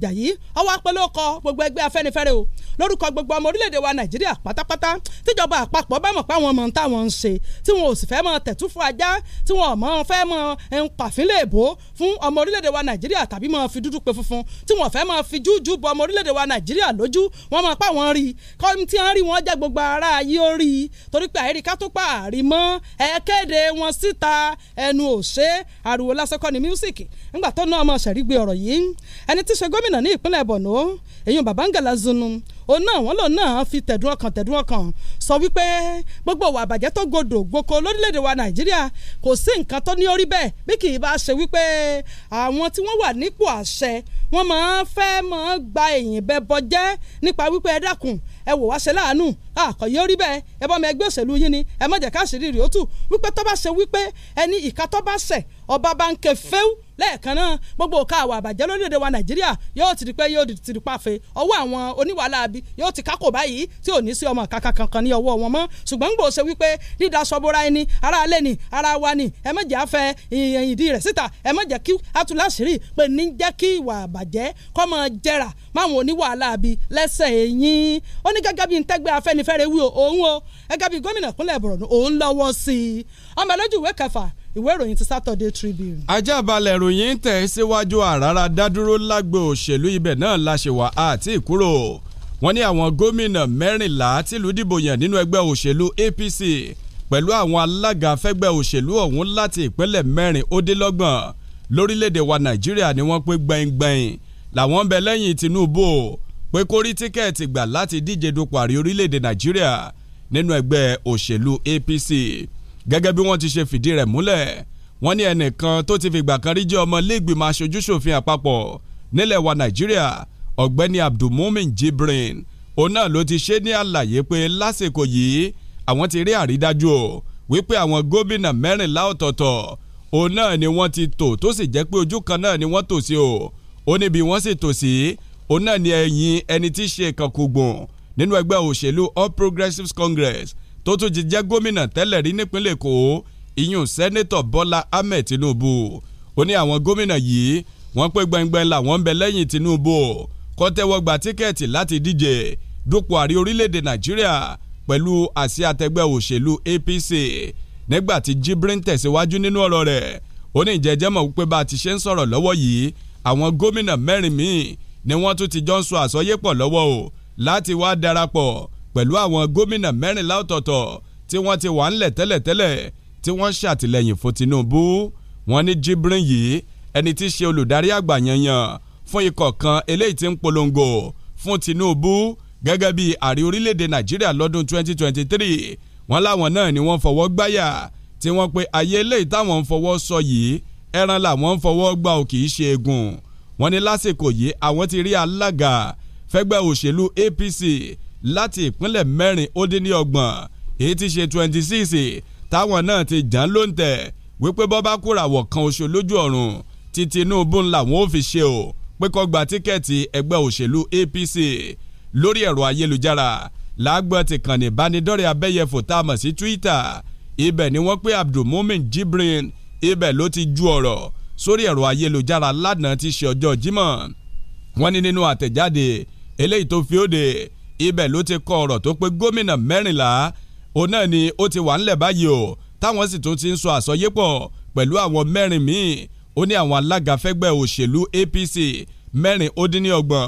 tí wọ́n pẹ̀lú ọkọ̀ gbogbo ẹgbẹ́ afẹ́nifẹ́re o lórúkọ gbogbo ọmọ orílẹ̀-èdè wa nàìjíríà pátápátá tíjọba àpapọ̀ bá mọ̀ pé àwọn ọmọ ń táwọn ń ṣe tí wọn ò sì fẹ́ mọ tẹ̀tú fún ajá tí wọn ò mọ fẹ́ mọ eh, pàfínlẹ̀ èbó fún ọmọ orílẹ̀-èdè wa nàìjíríà tàbí mọ fi dúdú pe funfun tí wọn fẹ́ mọ fi jújú bọ ọmọ orílẹ̀-èdè wa nàìjíríà lójú wọn mọ pa wọn rí kọ́ tí wọ́n rí wọn jẹ́ gbogbo ara ayé ó torí pé àyíká tó àrímọ́ ẹ kéde wọn síta ẹnu òṣè ariwo lásán kọ́ mísíkì ńgbà tó Borno èyí Babangida Zunnu òun náà wọ́n lòun náà fi tẹ̀dùn ọkàn tẹ̀dùn ọkàn sọ wípé gbogbo ìwà àbàjẹ́ tó godò gboko lórílẹ̀‐èdè wa nàìjíríà kò sí nǹkan tó ní orí bẹ́ẹ̀ bí kì í bá ṣe wípé àwọn tí wọ́n wà nípò àṣẹ wọ́n máa ń fẹ́ máa gba èyìn bẹ́ẹ̀ bọ́jẹ́ nípa wípé ẹ dákun ẹ wò wá ṣe láàánú àkọyé orí bẹ́ẹ̀ ẹ bá ọmọ ẹgbẹ́ òṣèlú yín ni ẹ má jẹ́ káṣírí rèé ó tù wípé tó bá ṣe wípé ẹni ìka tó bá ṣẹ̀ ọba bá ń kẹfẹ́ù lẹ́ẹ̀kan náà gbogbo òka àwọ̀ àbàjẹ́ lórílẹ̀‐èdè wa nàìjíríà yóò ti di pé yóò ti di pàfẹ́ ọwọ́ àwọn oníwàhálà abi yóò ti kákò báyìí tí ò ní sí ọmọ kàkà kankan ní ọwọ́ wọn mọ́ ṣùgbọ́n gbòó ṣe wípé dídá sọ́bọ́ra ẹni ara alẹ́ ni ara wa ni ẹ má jẹ́ afẹ́ ìdí rẹ̀ síta ẹ má jẹ́ kí atúláṣírí pé ní jẹ́ kí ìwà àbàjẹ́ kó má jẹrà máwọn oníwàhálà abi lẹ́sẹ̀ eyín ó ní gẹ́gẹ́ bí ntẹ́gbẹ́ afẹ́nifẹ́re wí òun o gẹ́gẹ́ bí gómìnà ìpínlẹ̀ Borno òun lọ́wọ́ sí i ọmọ ẹlójú ìwé kẹfà ìwé ìròyìn ti Saturday Tribune. ajábalẹ̀ ìròyìn ń tẹ̀ síwájú àràrà dádúró lágbo òṣèlú ibẹ̀ náà láṣẹwà àti ìkúrò wọ́n ní àwọn gómìnà mẹ́rìnlá tìlú dìbò yàn nínú ẹgbẹ́ òṣèlú APC pẹ̀lú àwọn alága fẹ́gbẹ́ òṣèlú ọ̀hún láti ìpínlẹ̀ mẹ́rin ó dé lọ́gbọ̀n lórílẹ̀‐èdè wa Nàìjíríà ni wọ́n pé gbẹ̀ngbẹ̀ng làwọn ń bẹ lẹ́yìn Tinubu pé kó rí tíkẹ́ẹ̀tì gbà láti díje dupò àrí orílẹ̀‐èdè Nàìjíríà nínú ẹgbẹ́ òṣèlú APC gẹ́gẹ́ bí wọ́n ti ṣe fìdí rẹ̀ múlẹ̀ wọ́n ní ẹnìkan tó ti fìgbà kan rí jẹ́ ọmọ iléègbìmọ̀ aṣojúṣòfin àpapọ̀ nílẹ̀ wa nàìjíríà ọ̀gbẹ́ni abdulmumin jibrin òun náà ló ti ṣe ní àlàyé pé lásìkò yìí àwọn ti rí àrídájú o wípé àwọn gómìnà mẹ́rìnlá ọ̀tọ̀ọ̀tọ̀ òun náà ni wọ́n ti tò tó sì jẹ́ pé ojú kan náà ni wọ́n tò sí o ó níbi wọ́n sì tò sí òun náà ni ẹ̀yìn ẹni tí í ṣe kankugbọ̀n nínú ẹgbẹ́ òṣèlú All Progressives Congress tó tún ti jẹ́ gómìnà tẹ́lẹ̀ rí nípínlẹ̀ Èkó ìyún sẹ́nẹ́tọ̀ Bọ́lá Ahmed Tinubu ó ní àwọn gómìnà yìí wọ́n pé gbẹngbẹn làwọn ń bẹ lẹ́yìn Tinubu kọ́tẹ́wọ́ gba tíkẹ́ẹ̀tì láti díje dúpọ̀ àrí orílẹ̀-èdè Nàìjíríà pẹ̀lú àsíá àtẹgbẹ́ òṣèlú APC nígbà tí Jibrin tẹ̀síwájú nínú ọ̀rọ̀ rẹ̀ ó ní ìjẹ́jẹ́ mọ̀ wípé bá a ti ṣe ń sọ̀rọ̀ lọ́wọ́ yìí àwọn gómìnà mẹ́rin míì ni wọ́n tún ti jọ ń sọ àsọyépọ̀ lọ́wọ́ o láti wá darapọ̀ pẹ̀lú àwọn gómìnà mẹ́rìnlá ọ̀tọ̀ọ̀tọ̀ tí wọ́n ti wà ńlẹ̀ tẹ́lẹ̀tẹ́lẹ̀ tí wọ́n ṣàtìlẹ́yìn fún Tinubu wọ́n ní Jibrin yìí ẹni tí í ṣe olùdarí àgbà yanyan fún ikọ̀ kan eléyìí tí ń polongo fún Tinubu gẹ́gẹ́ bí ààrẹ orílẹ̀-èdè Nàìjíríà lọ́dún 2023 wọ́n láwọn náà ni wọ́n fọwọ́ gbáyà tí wọ́n pe ayé eléyìí táwọn ń fọwọ́ sọ yìí ẹran làwọn ń fọwọ́ gbà ò kì í ṣe egun wọ́n ní lásìkò yìí àwọn ti rí alága fẹ́gbẹ́ òṣèlú APC láti ìpínlẹ̀ mẹ́rin ó dín ní ọgbọ̀n èyí ti ṣe twenty six táwọn náà ti jàn ló ń tẹ̀ wípé bọ́bá kúràwọ̀ kan oṣù lójú ọ̀run ti Tinubu ńlá wọn ò fi ṣe o pé kó gba tíkẹ́ẹ̀tì ẹgbẹ́ òṣèlú APC lórí ẹ̀rọ ayélujára lágbọ́n ti kàn ní ìbánidọ́rẹ̀ abẹ́yẹfò tá a mọ̀ sí Twitter ibẹ̀ ni wọ́n pé Abdulmumin Jibrin ibẹ̀ ló ti ju ọ̀rọ̀ sórí ẹ̀rọ ayélujára lánàá ti ṣe ọjọ́ Jímọ̀ wọ́n ní nínú àtẹ̀jáde eléyìí tó fi ó de ibẹ̀ ló ti kọ ọ̀rọ̀ tó pé gómìnà mẹ́rìnlá òun náà ni ó ti wà ńlẹ̀ báyìí o táwọn sì tún ti ń sọ àsọyépọ̀ pẹ̀lú àwọn mẹ́rin míì ó ní àwọn alága fẹ́gbẹ́ òṣèlú APC mẹ́rin ó dín ní ọgbọ̀n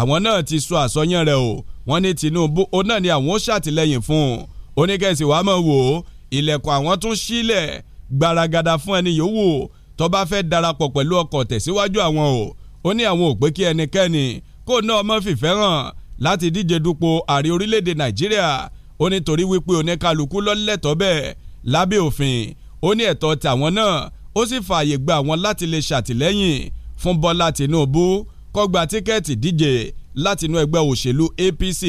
àwọn náà ti sọ àsọyàn rẹ̀ o wọ́n ní Tinubu òun náà ni àwọn ó ṣàtìlẹ́yìn fún un oníkẹ́sì wàá mọ̀ wò ó ilẹ̀kùn àwọn tún sílẹ̀ gbaragada fún ẹni yòówù tó bá fẹ́ darapọ̀ pẹ̀lú ọkọ̀ tẹ̀síwájú àwọn o ó ní àwọn ò kí ẹnikẹ́ni kó náà ọmọ fìfẹ́ láti díje dupò ààrẹ orílẹ̀-èdè nàìjíríà ó ní torí wípé oníkálukú lọ́lẹ́tọ̀ọ́ bẹ́ẹ̀ lábẹ́ òfin ó ní ẹ̀tọ́ tàwọn náà ó sì fààyè gba àwọn láti lè ṣàtìlẹ́yìn fún bọ́lá tìǹbù kó gba tíkẹ́ẹ̀tì díje látinú ẹgbẹ́ òṣèlú APC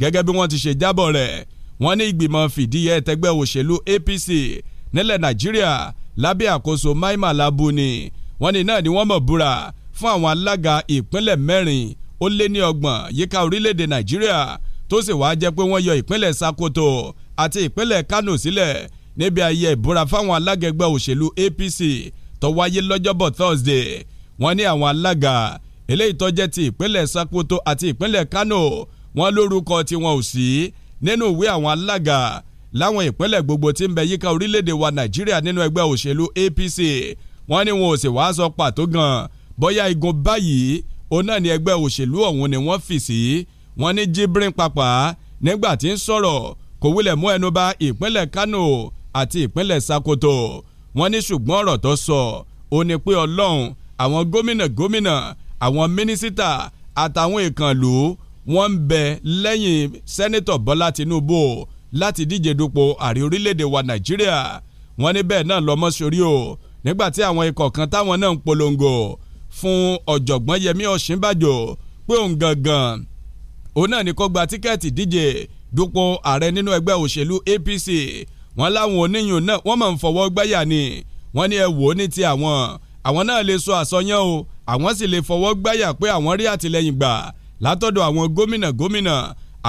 gẹ́gẹ́ bí wọ́n ti ṣe jábọ̀ rẹ̀ wọ́n ní ìgbìmọ̀ fìdíhẹ tẹgbẹ́ òṣèlú APC nílẹ̀ nàìjíríà lábẹ́ àkóso Mai Mala Buni wọ́n ní náà ni wọ́n mọ̀ búra fún àwọn alága ìpínlẹ̀ mẹ́rin ó lé ní ọgbọ̀n yíká orílẹ̀-èdè nàìjíríà tó sì wáá jẹ́ pé wọ́n yọ ìpínlẹ̀ sakoto àti ìpínlẹ̀ kano sílẹ̀ níbi ayẹyẹ ìbúra fáwọn alága ẹgbẹ́ òṣèlú apc tó wáyé lọ́jọ́bọ̀ thursday wọ́n ní àwọn alága eléyìí tó jẹ́ ti ìpínlẹ̀ sakoto àti ìpínlẹ̀ kano wọ́n lórúkọ tiwọn ò sí nínú ìwé àwọn alága láwọn ìpínlẹ̀ gbogbo tí ń bẹ yíká orílẹ̀-èdè wa nàìjíríà nínú ẹgbẹ́ òṣèlú apc wọ́n ní wọn ò sì wá sọ pàtó gan bóyá igun báyìí òun náà ni ẹgbẹ́ òṣèlú ọ̀hún ni wọ́n fì sí wọ́n ní Jibrin Papa nígbà tí ń sọ̀rọ̀ kò wulẹ̀ mú ẹnu bà ìpínlẹ̀ Kano àti ìpínlẹ̀ Sokoto wọ́n ní ṣùgbọ́n ọ̀rọ̀ tó sọ ó ní pé ọlọ́run àwọn gómìnà gómìnà àwọn mínísítà àtàwọn ìkànlú wọ́n ń bẹ lẹ́yìn sẹ́nitọ̀ Bọ́lá Tinubu láti díje dupò ààrẹ orílẹ̀-èdè wa Nàìjíríà wọ́n ní bẹ́ẹ̀ náà lọ́mọ́ o nígbà tí àwọn ikọ̀ kan táwọn náà ń polongo fún ọ̀jọ̀gbọ́n Yẹmí Ọ̀ṣínbàjò pé òun gangan òun náà ni kó gba tíkẹ́ẹ̀tì díje dupò ààrẹ nínú ẹgbẹ́ òṣèlú APC wọ́n láwọn oníyùn náà wọ́n máa ń fọwọ́ gbáyà ni wọ́n ní ẹ wò ó ní ti àwọn àwọn náà lè sọ àsọyán o àwọn sì lè fọwọ́ gbáyà pé àwọn rí àtìlẹ́yìn gbà látọ̀dọ̀ àwọn gómìnà gómìnà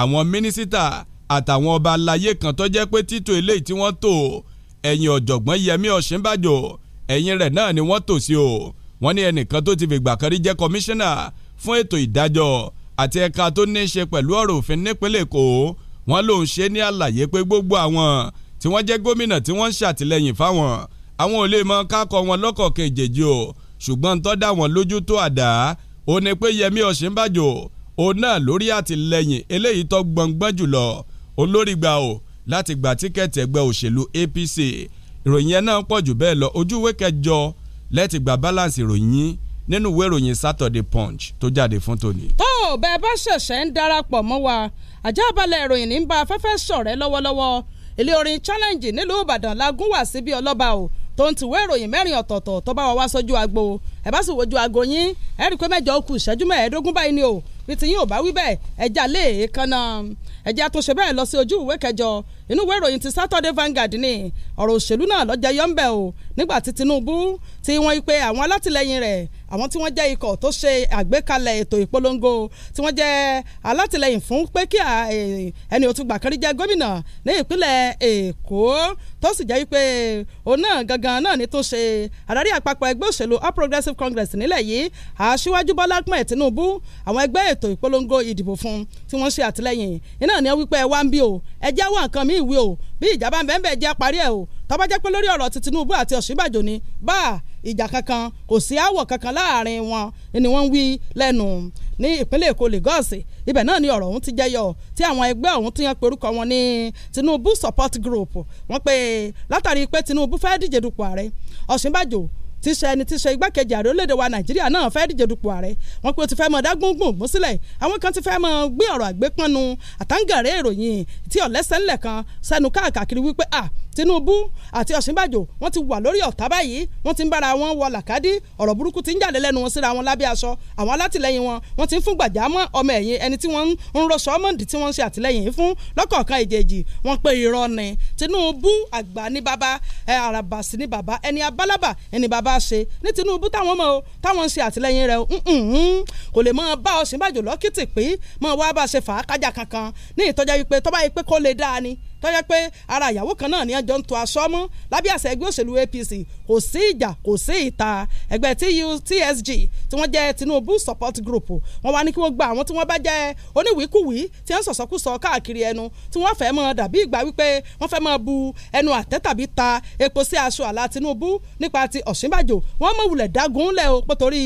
àwọn mínísítà àtàwọn ọba aláyé kan tó jẹ́ pé títò eléyìí tí wọ́n tò ẹ̀yìn ọ̀jọ̀gbọ́n Yẹmí Ọ̀ṣínbàjò ẹ̀yìn rẹ̀ náà ni wọ́n tò sí o wọ́n ní ẹnìkan tó ti fìgbà kan rí jẹ́ kọmíṣánná fún ètò ìdájọ́ àti ẹ̀ka tó ní í ṣe pẹ̀lú ọ̀rọ̀ òfin nípínlẹ̀ èkó wọ́n lòun ṣe ní àlàyé pé gbogbo àwọn tí wọ́n jẹ́ gómìnà tí wọ́n ń ṣàtìlẹ́yìn fáwọn àwọn ò lè mọ kákọ wọn lọ́kọ̀ kejèjì o ṣùgbọ́n tó dá wọn lójú tó àdá ó ní pé Yẹmí Ọ̀ṣínbàjò òun náà lórí àtìlẹ́yìn eléyìí tó gbọ̀ngbọ́n jùlọ olórí gbà o láti gba tíkẹ́ẹ̀tì ẹgbẹ́ òṣèlú APC ìròyìn yẹn náà pọ̀ jù bẹ́ẹ̀ lọ ojú ìwé lẹ́ẹ̀tì gba balance ìròyìn yín nínú ìwé ìròyìn Saturday Punch tó jáde fún tòní. tó o bẹ́ẹ̀ bá ṣẹ̀ṣẹ̀ ń darapọ̀ mọ́ wa àjábálẹ̀ ìròyìn ní bá afẹ́fẹ́ sọ̀rẹ́ lọ́wọ́lọ́wọ́ ilé orin challenge nílùú Ìbàdàn lagún wá síbi ọlọ́ba o tó ń tìwé ìròyìn mẹ́rin ọ̀tọ̀ọ̀tọ̀ tó bá wa wá sójú agbo ẹ bá sì wojú aago yín ẹ rí i pé mẹ́jọ kù ìṣẹ́jú mẹ́ẹ̀ẹ́dógún báyìí ni o bí ti yín ò bá wí bẹ́ẹ̀ ẹ jà lé èékánná ẹ̀jẹ̀ àtúnṣe bẹ́ẹ̀ lọ sí ojú ìwé kẹjọ inú ìwé ìròyìn ti Saturday Vanguard ni ọ̀rọ̀ òṣèlú náà lọ́jẹ́ yọ́ńbẹ̀ o nígbà tí Tinubu ti wọ́n pe àwọn alátìlẹyìn rẹ̀ àwọn tí wọ́n jẹ́ ikọ̀ tó ṣe àgbékalẹ̀ ètò ìpolongo tí wọ́n jẹ́ alátìlẹyìn fún pé kí ẹni òtún gbàkárí jẹ́ gómìnà ní ìpínlẹ̀ Èkó tó sì jẹ́ wípé òun náà gangan náà ni tó ṣe adarí àpapọ̀ ẹgbẹ́ òṣèlú All Progressives Congress nílẹ̀ yìí Aṣíwájú Bọ́lá Ahmed Tinubu àwọn ẹgbẹ́ ètò ìpolongo ìdìbò fún tí wọ́n ṣe àtìlẹyìn iná ni wípé wá ń bí o ẹ bí ìjà bá ń bẹ́ẹ̀ bẹ́ẹ̀ jẹ́ parí ẹ̀ o tó bá jẹ́ pé lórí ọ̀rọ̀ ti Tinubu àti Ọ̀ṣínbàjò ni bá ìjà kankan kò sí àwọ̀ kankan láàrin wọn ni wọ́n ń wí lẹ́nu ní ìpínlẹ̀ Èkó Lagos ibẹ̀ náà ni ọ̀rọ̀ ọ̀hún ti jẹyọ tí àwọn ẹgbẹ́ ọ̀hún ti yan porúkọ wọn ní Tinubu support group wọ́n pé látàrí pé Tinubu fẹ́ díje dupò ààrẹ Ọ̀ṣínbàjò tíṣe ẹni tíṣe igbákejì ààrẹ orílẹ̀-èdè wa nàìjíríà náà fẹ́ díje dupò ààrẹ wọn pé ó ti fẹ́ mọ dágúngún gún sílẹ̀ àwọn kan ti fẹ́ mọ gbé ọ̀rọ̀ àgbépọ́nu àtàǹgàrẹ́ ìròyìn tí ọ̀lẹ́sẹ̀ ńlẹ̀ kan sẹ́nu káàkiri wípé ah Tinubu àti Ọ̀ṣínbàjò wọ́n ti wà lórí ọ̀tá báyìí wọ́n ti ń bára wọn wọ làkàdí ọ̀rọ̀ burúkú ti ń jáde lẹ́nu wọn síra wọn lábẹ́ aṣọ àwọn alátìlẹyìn wọn wọ́n ti ń fún gbàjámọ́ ọmọ ẹ̀yìn ẹni tí wọ́n ń rọ sọ́mọ́ǹdì tí wọ́n ń ṣe àtìlẹyìn fún lọ́kọ̀ọ̀kan ìjèjì wọ́n pe irọ́ ni Tinubu àgbà ní baba ẹ àràbà sí ní baba ẹni abálábà ẹni baba ṣe ní Tinubu táwọn mọ táwọn ń ṣe àtìlẹyìn rẹ kò lè mọ bá Ọ̀ṣínbàjò lọ́kìtì pín mọ wá bá ṣe fà á kájà kankan ní tó yẹ pé ara ìyàwó kan náà ni ẹjọ́ ń to aṣọ mọ́ lábẹ́ àṣẹ ẹgbẹ́ òṣèlú APC kò sí ìjà kò sí ìta ẹgbẹ́ TSG tí wọ́n jẹ́ Tinubu support group wọ́n wá ní kí wọ́n gba àwọn tí wọ́n bá jẹ́ oníwìkúwì tí wọ́n sọ̀sọ́kùsọ káàkiri ẹnu tí wọ́n fẹ́ mọ dàbí ìgbà wípé wọ́n fẹ́ mọ bu ẹnu àtẹ́ tàbí ta epo sí aṣọ àlà Tinubu nípa ti Ọ̀ṣínbàjò wọ́n mọ̀ wulẹ̀ dágun lẹ̀ o pé torí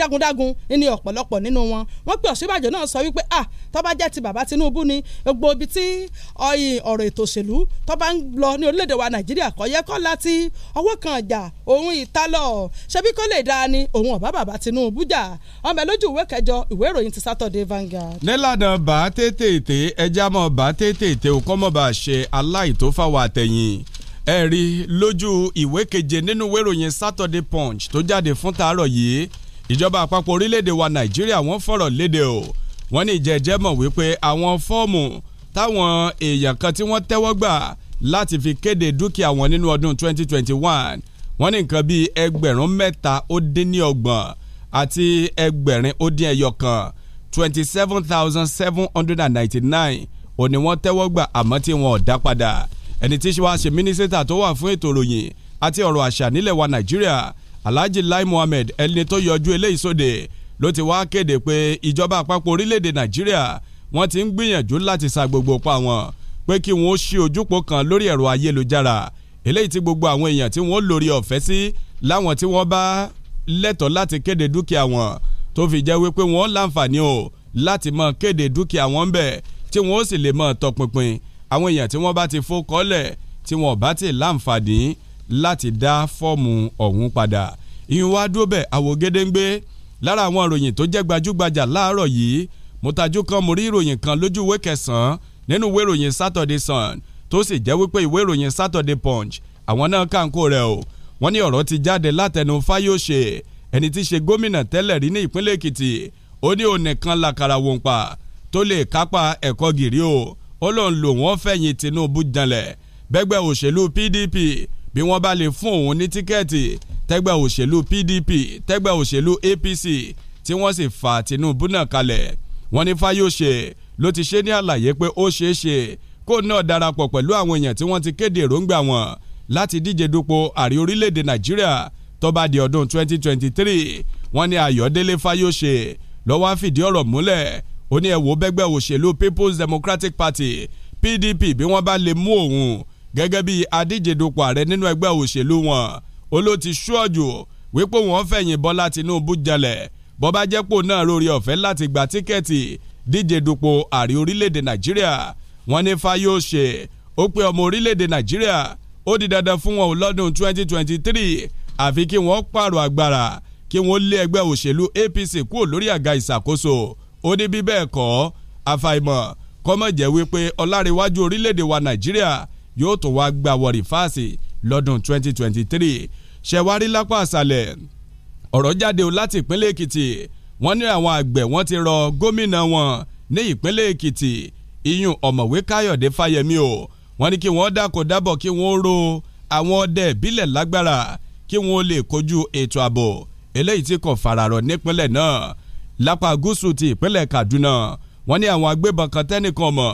dágundágun ní ọ̀pọ̀lọpọ̀ nínú wọn wọ́n pe Ọ̀ṣínbàjò náà sọ wípé ah tó bá jẹ́ ti bàbá Tinubu ni gbogbo ibi tí ọ̀rọ̀ ètò òṣèlú tó bá ń lọ ní orílẹ̀-èdè wa nàìjíríà kò yẹ kọ́ láti ọwọ́ kan ọjà òun ìtálọ̀ ṣebí kó lè dáa ni òun ọ̀bá bàbá tinubu jà ọmọ ẹ lójú ìwé kẹjọ ìwé ìròyìn ti Saturday Vanguard. nílànà bá tètè ẹja mọ̀ bá tètè òkọ́ mọ̀ bá ṣe aláìtófáwọ̀ àtẹ̀yìn ẹ rí lójú ìwé keje nínú ìwé ìròyìn Saturday Punch tó jáde fún tàárọ̀ yìí ìjọba àpapọ̀ orílẹ̀-èdè wa nàìjíríà wọ́n fọ̀rọ̀ léde o wọ́n ní ìjẹ́jẹ́ mọ̀ wípé àwọn fọ́ọ̀mù táwọn èèyàn kan tí wọ́n tẹ́wọ́ gbà láti fi kéde dúkìá wọn nínú ọdún 2021 wọ́n ní nǹkan bíi ẹgbẹ̀rún mẹ́ta ó dín ní ọgbọ̀n àti ẹgbẹ̀rin ó dín ẹyọ kan 27,799 òní wọ́n tẹ́wọ́ gbà àmọ́ tí wọn ò dá padà ẹni tí wàá ṣe mínísítà tó wà fún ètò ìròyìn àti ọ̀rọ̀ àṣà nílẹ̀ wa Nàìjíríà Alhaji Lai Mohammed ẹni tó yọjú eléyìí sóde ló ti wá kéde pé ìjọba àpapọ̀ orílẹ̀-èdè Nàìjíríà wọ́n ti ń gbìyànjú láti sa gbogbo pa wọn pé kí wọ́n ṣí ojúpò kan lórí ẹ̀rọ ayélujára eléyìí tí gbogbo àwọn èèyàn tí wọ́n lórí ọ̀fẹ́ sí láwọn tí wọ́n bá lẹ́tọ̀ọ́ láti kéde dúkìá wọn tó fi jẹ́ wípé wọ́n láǹfààní o láti máa kéde dúkìá wọn ń tí wọ́n sì lè máa tọpinpin àwọn èèyàn tí wọ́n bá ti fọ́kọ́lẹ̀ tí wọ́n bá ti láǹfààní láti dá fọ́ọ̀mù ọ̀hún padà ìyún wá dúró bẹ́ẹ̀ àwògedengbe lára àwọn ìròyìn tó jẹ́ gbajúgbajà láàárọ̀ yìí mọ́tàjú kan mo rí ìròyìn kan lójú ìwé kẹsàn-án nínú ìwé ìròyìn Saturday Sun tó sì jẹ́ wípé ìwé ìròyìn Saturday Punch àwọn náà kàǹkó rẹ̀ o wọ́n ní ọ̀rọ̀ ti jáde látẹnu Fáyọ̀ṣe ẹni tí í ṣe gómìnà tẹ́lẹ̀ rí ní ìpínlẹ̀ Èkìtì ó ní òun nìkan làkàrà wòǹpa tó lè kápá ẹ̀kọ́ gìrì o ó lóun lò wọ́n fẹ̀yìn Tinubu janlẹ̀ bẹ́gbẹ́ òṣèlú PDP bí wọ́n bá lè fún òun ní tíkẹ́ẹ̀tì tẹ́gbẹ́ òṣèlú PDP tẹ́gbẹ́ òṣèlú APC tí wọ́n sì fa Tinubu náà kalẹ̀ wọ́n ní Fayose ló ti ṣe ní àlàyé pé ó ṣeé ṣe kó náà darapọ̀ pẹ̀lú àwọn èèyàn tí wọ́n ti kéde èròǹgbà wọn láti díje dupò ààrẹ orílẹ̀-èdè Nàìjíríà tó di ọdún 2023 wọ́n ní Ayọ̀délé Fayose ló wá fìdí ọ̀rọ̀ múlẹ̀ ó ní ẹ̀wò bẹ́gbẹ́ òṣèlú People's Democratic Party PDP bí wọ́n bá lè mú òun gẹ́gẹ́ bí adíje dupò ààrẹ nínú ẹgbẹ́ òṣèlú wọn ó ló ti ṣúọ̀jù wípé wọ́n fẹ̀yìn Bọ́lá Tinubu jalẹ̀ bó bá jẹ́ pò náà lórí ọ̀fẹ́ láti gba tíkẹ́ẹ̀tì díje dupò ààrẹ orílẹ̀-èdè nàìjíríà wọ́n ní Fayose ó pé ọmọ orílẹ̀-èdè nàìjíríà ó di dandan fún wọn lọ́dún 2023 àfi kí wọ́n pààrọ̀ agbára kí wọ́n lé ẹgbẹ́ òṣèlú APC kúrò lórí àga ìṣàkóso ó ní bí bẹ́ẹ̀ kọ́ àfàìmọ̀ kọ́mọ̀jẹ́ wípé ọláríwájú orílẹ̀-èdè wa nàìjíríà yóò tó wá gbà wọ̀rì fáàsì lọ́dún 2023 ṣẹ̀wárí lápá àṣàlẹ̀ ọ̀rọ̀ jáde o láti ìpínlẹ̀ Èkìtì wọ́n ní àwọn àgbẹ̀ wọ́n ti rọ gómìnà wọn ní ìpínlẹ̀ Èkìtì iyùn ọ̀mọ̀wé Káyọ̀dé Fáyẹmí o wọ́n ní kí wọ́n dákò dábọ̀ kí wọ́n ro àwọn ọdẹ ìbílẹ̀ lágbára kí wọ́n lè kojú ètò ààbò eléyìí tí kò fararọ̀ nípínlẹ̀ náà lápá gúúsù ti ìpínlẹ̀ Kaduna wọ́n ní àwọn agbébọn kan tẹ́nìkan mọ̀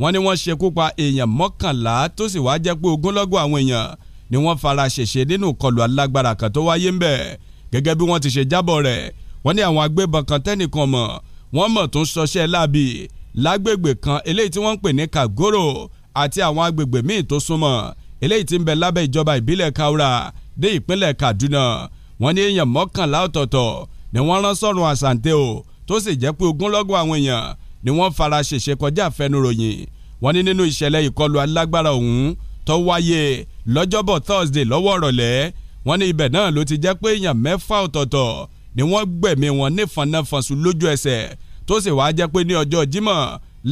wọ́n ní wọ́n ṣekú pa èèyàn mọ́kànlá tó sì wá jẹ́ pé ogunlọ́gọ̀ àwọn èèyàn ni wọ́n fara ṣèṣe nínú ìkọlù alágbára kan tó wáyé ń gẹ́gẹ́ bí wọ́n ti ṣe jábọ̀ rẹ̀ wọ́n ní àwọn agbébọn kan tẹ́nìkan mọ̀ wọ́n mọ̀ tó ń ṣọṣẹ́ láabi lágbègbè kan eléyìí tí wọ́n ń pè ní Kagoro àti àwọn agbègbè míì tó súnmọ́ eléyìí tí ń bẹ lábẹ́ ìjọba ìbílẹ̀ Kaura dé ìpínlẹ̀ Kaduna wọ́n ní èèyàn mọ́kànlá ọ̀tọ̀ọ̀tọ̀ ni wọ́n rán sọ́run àṣàǹtẹ̀ o tó sì jẹ́ pé ogúnlọ́gọ̀ àwọn èèyàn ni wọ́n fara ṣèṣe kọjá àfẹnuròyìn wọ́n ní nínú ìṣẹ̀lẹ̀ ìkọlù alágbára ọ̀hún tó wáyé lọ́jọ́bọ̀ Thursday lọ́wọ́ ọ̀rọ̀lẹ́ wọ́n ní ibẹ̀ náà ló ti jẹ́ pé èèyàn mẹ́fà ọ̀tọ̀ọ̀tọ̀ ni wọ́n gbẹ̀mí wọn nífọ̀nàfọ̀nsù lójú ẹsẹ̀ tó sì wáá jẹ́ pé ní ọjọ́ Jímọ̀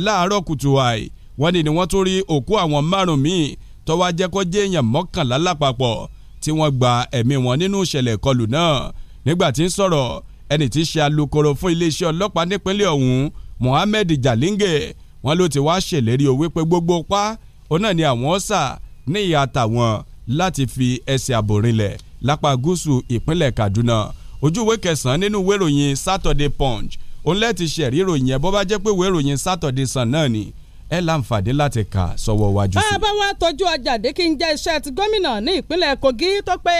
láàárọ̀ kùtù àì wọ́n ní ni wọ́n tún rí òkú àwọn márùn-ún míì tó wáá jẹ́ kó jẹ́ èèyàn mọ́kànlá lápapọ̀ tí wọ́n gba ẹ̀mí wọn nínú ìṣẹ̀lẹ̀ kọlù náà nígbà tí ń sọ̀rọ̀ ẹni tí í ṣe alukoro fún iléeṣẹ́ ọlọ́pàá nípínlẹ̀ ọ̀hún Mohammed Jalinge wọ́n ló ti wáá ṣèlérí o wípé gbogbo pa òun náà ni àwọn sà ní ìyá tàwọn láti fi ẹsẹ̀ àbò rinlẹ̀ lápá gúúsù ìpínlẹ̀ Kaduna ojú kẹsàn-án nínú ìwé ìròyìn Saturday Punch òun ti ṣẹ̀rí ìròyìn ẹ̀ bọ́ bá jẹ́ pé ìwé ìròyìn Saturday Sun náà ni ẹ láǹfààní láti kà sọ́wọ́ wájú sí. bá a bá wá tọ́jú ọjà dé kí jẹ́ iṣẹ́ ti gómìnà ní ìpínlẹ̀ Kogi tó pé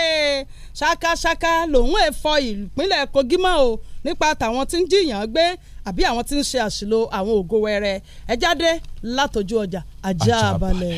ṣákáṣáká lòun ẹ̀ fọ ìpínlẹ̀ Kogi mọ́ o nípa tàwọn tí ń jiyàn gbé àbí àwọn tí ń ṣe àṣìlò àwọn ògo wẹrẹ ẹ jáde látọjú ọjà ajá balẹ̀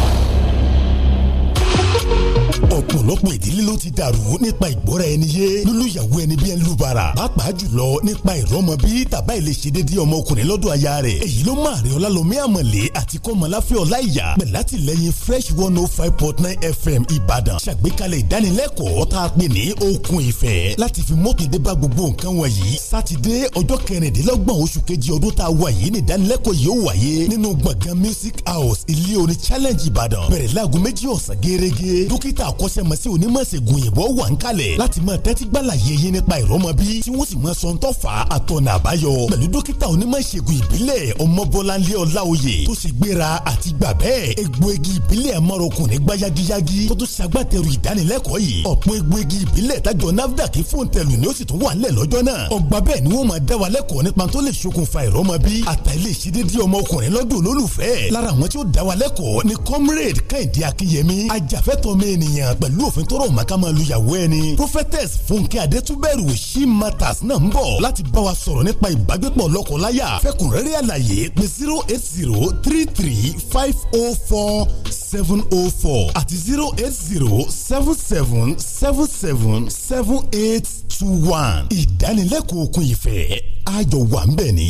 ọ̀pọ̀lọpọ̀ ìdílé ló ti dàrú nípa ìgbọ́ra ẹni yé lólùyàwó ẹni bí ẹni lùbàrà pàápàá jùlọ nípa ìrọmọ bí tàbá ilé ṣe déédéé ọmọkùnrin lọ́dọ̀ aya rẹ̀ èyí ló máa rí ọlálọ́mí àmọ̀lé àti kọ́mọláfẹ́ ọláìyá pẹ̀látìlẹ́yìn fresh one oh five point nine fm ìbàdàn ṣàgbékalẹ̀ ìdánilẹ́kọ̀ọ́ tá a pè ní okun ìfẹ́ láti fi mọ́tòdé bá gbogbo nǹkan wọ̀nyí sátidé ọjọ́ kẹrìndínlọ́gbọ̀n oṣù kejì ọdún tá a wà yìí ní ìdánilẹ́kọ̀ọ́ yóò wáyé nínú gbọ̀ngàn music house ilé orin challenge ìbàdàn bẹ̀rẹ̀ láago méjì ọ̀sán gẹ́gẹ́ yege dókítà akọ́ṣẹ́mọṣẹ́ onímọ̀ṣègùn òyìnbó wà ń kalẹ̀ láti máa tẹ́tí gbàlàyé yín nípa ìrọmọbí tí wọ́n sì máa sọ ń tọ́fà àtọ̀nà àbáyọ pẹ̀lú dókítà onímọ̀ṣègùn ìbílẹ̀ ọmọbọ́láńlé ọláoyè tó sì gbéra àti gbà bẹ́ẹ̀ egbòogi ìbílẹ̀ mọ́rọ̀kùn ní gbáyagíyágí tó tún ṣagbátẹrù ìdánilẹ́kọ̀ọ́ yìí ọ̀pọ̀ egbòogi ìbílẹ̀ tájọ nafdac fún tẹlù ni ó sì tún wà nílẹ̀ lọ́jọ́ náà ọgbà bẹ́ẹ̀ ni wọ́n máa dá wa lẹ́kọ̀ọ́ nípa tó lè ṣokùnfà ìrọmọbí àtàlẹ́ ìfẹ́tọ̀ mi ènìyàn pẹ̀lú òfin tó rọ̀ mọ́ ká máa lu ẹni. prophetess fúnkẹ́ adétúbẹ̀rù she matters náà ń bọ̀ láti bá wa sọ̀rọ̀ nípa ìbágbépọ̀ lọ́kọláya fẹ́kùnrẹ́rẹ́ àlàyé pé zero eight zero three three five oh four seven oh four àti zero eight zero seven seven seven seven seven eight two one ìdánilẹ́kọ̀ọ́ òkun ìfẹ́ àjọ wà ń bẹ̀ ni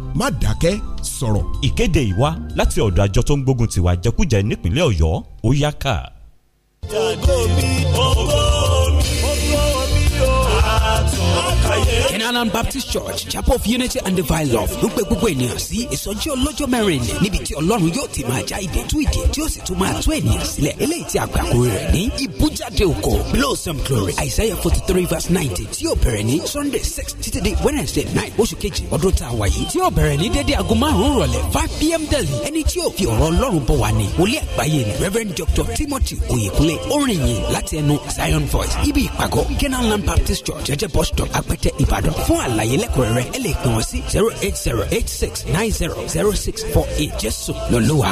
má dákẹ́ sọ̀rọ̀. ìkéde ìwá láti ọ̀dọ̀ àjọ tó ń gbógun tiwa jẹkújẹ nípínlẹ̀ ọ̀yọ́ ó yá ká. jàgbó mi ọgọ́. Island Baptist Church Chapel of Unity and Divine Love ló pe gbogbo ènìyàn sí ìsọjí ọlọ́jọ́ mẹ́rin níbi tí Ọlọ́run yóò ti máa já ìdè tú ìdè tí ó sì tún máa tú ènìyàn sílẹ̀ eléyìí tí àgbàkùn rẹ̀ ní ìbújáde òkò blossom glory Isaiah forty three verse ninety tí yóò bẹ̀rẹ̀ ní Sunday six títí di Wednesday nine oṣù kejì ọdún tá a wà yìí tí yóò bẹ̀rẹ̀ ní dédé aago márùn-ún five pm daily ẹni tí yóò fi ọ̀rọ̀ Ọlọ́run bọ̀ wá ní wòlíì àgbáyé ni Reverend Dr Timothy Oyèkúnlé orin yìí láti ẹnu Zion Voice ibi ìpàgọ́ Kenan Land Baptist Church jẹjẹ bus stop Apẹtẹ Ìbàdàn fún àlàyé lẹ́kùnrẹ́rẹ́ ẹ lè pè sí zero eight zero eight six nine zero zero six four eight jésù lọ́lọ́wà.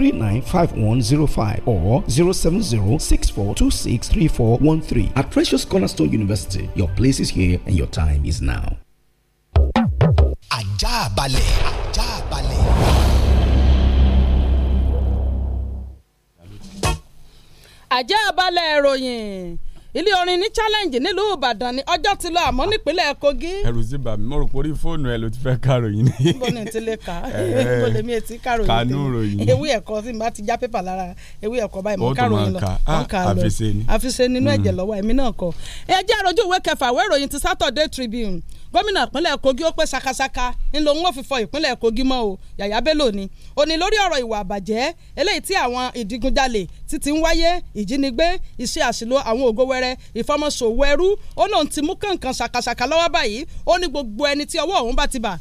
Three nine five one zero five or zero zero seven six six four four two three one three At Precious Cornerstone University, your place is here and your time is now. Ajabale, Ajabale, Ajabale, balẹ̀ ilé orin ní challenge nílùú ìbàdàn ni ọjọ́ ti lọ àmọ́ nípínlẹ̀ kogi. ẹrù sí bàmí mo rò pé orí fóònù ẹ ló ti fẹ́ ká ròyìn ni. bó ní ti lè kà bó lè mí etí ká ròyìn tèmi kànú ròyìn. ewé ẹ̀kọ́ tí n ti já pépà lára ewé ẹ̀kọ́ báyìí mo ká ròyìn lọ mo ah, ká lọ àfiṣe nínú ẹ̀jẹ̀ mm. lọ́wọ́ èmi náà kọ. ẹ jẹ́ àròjù ìwé kẹfà àwọn ìròyìn ti Saturday Tribune gómìnà ìpínlẹ̀ kogi ó pé sakasaka ńlọ wọn fi ìpínlẹ̀ kogi mọ́ o yàyà bello ni ó lórí ọ̀rọ̀ ìwà àbàjẹ́ eléyìí tí àwọn ìdígunjalè ti ti ń wáyé ìjínigbé iṣẹ́ àṣìlò àwọn ògo wẹrẹ ìfọmọṣòwò ẹrú ó lóun ti mú kànkan sakasaka lọ́wọ́ báyìí ó ní gbogbo ẹni tí ọwọ́ òun bá ti bà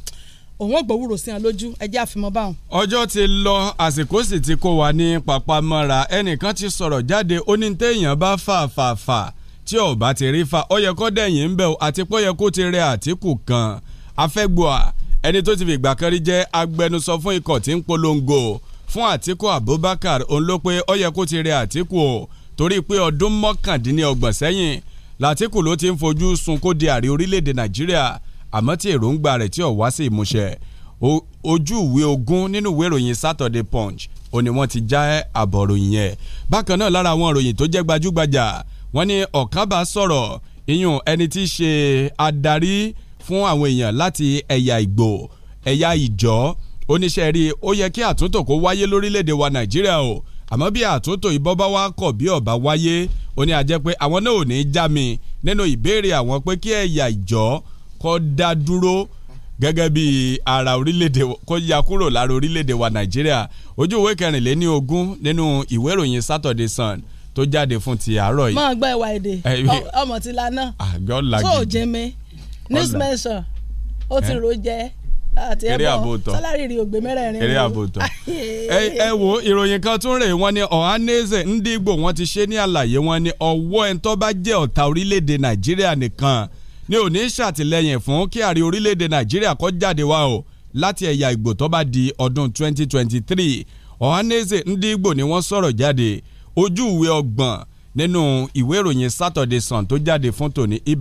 òun ò gbòwúrò sí wọn lójú ẹjẹ́ àfimọ́ báwọn. ọjọ́ ti lọ àsìkò sì ti kó wa ní pàpamọ́ra ẹnìkan ti sọ̀rọ̀ jáde ó bá fà fà fà tí ọba ti rí fa ó yẹ kó ń bẹ̀ o àti pé ó yẹ kó ti rẹ Àtíkù kan afẹ́gbọ́à ẹni tó ti fi ìgbà kan rí jẹ́ agbẹnusọ fún ikọ̀ tí ń polongo fún Àtíkù Abubakar òun ló pé ó yẹ kó ti rẹ Àtíkù o torí pé ọdún mọ́kàndínlọ́gbọ̀n sẹ́yìn làtíkù ló ti ń fojú sun kó di ààrẹ orílẹ̀-èdè Nàìjíríà àmọ́ tí èròǹgbà rẹ̀ tí ò wá sí ìmúṣẹ ojú ìwé ogún nínú ìwé ìròyìn Saturday Punch ó ní wọ́n ti já àbọ̀ròyìn yẹn bákan náà lára àwọn ìròyìn tó jẹ́ gbajúgbajà wọ́n ní ọ̀kánbá sọ̀rọ̀ iyùn ẹni tí í ṣe adarí fún àwọn èèyàn láti ẹ̀yà ìgbò ẹ̀yà ìjọ oníṣẹ́ rí ó yẹ kí àtúntò kó wáyé lórílẹ̀‐èdè wa nàìjíríà o àmọ́ bí àtúntò ìbọn bá wá kọ̀ bí ọ̀bá wáyé ó ní àjẹ́ pé àwọn náà ò ní í já mi nínú ìbéèrè àwọn pé kí ẹ̀yà ìjọ kó dá dúró gẹ́gẹ́ bí ara orílẹ̀-èdè kó ya kúrò lára orílẹ̀-èdè wa nàìjíríà ojú ìwé kẹrìnléní ogún nínú ìwé ìròyìn Saturday Sun tó jáde fún ti àárọ̀ yìí. máa gbọ́ ìwà èdè ọmọ ti la náà tó jẹ mi news mention ó ti ro jẹ àti ẹ bọ sálárì rí ògbé mẹ́rẹ̀ẹ̀rin. eré àbòtọ ẹ wo ìròyìn kan tún rèé wọ́n ní Ohanaeze Ndigbo wọ́n ti ṣe ní àlàyé wọ́n ní ọwọ́ ẹni tó bá jẹ́ ọ̀tá orílẹ̀-èdè Nàìjíríà nìkan ni ò ní ṣàtìlẹ́yìn fún kí àrí orílẹ̀-èdè Nàìjíríà kó jáde wá o láti ẹ̀yà Ìgbò tó bá di ọdún 2023 Ohanaeze Ndigbo ni wọ́n sọ̀rọ̀ jáde ojú ìwé ọgbọ̀n nínú ìwé ìròyìn Saturday Sun tó jáde fún tòní ibẹ̀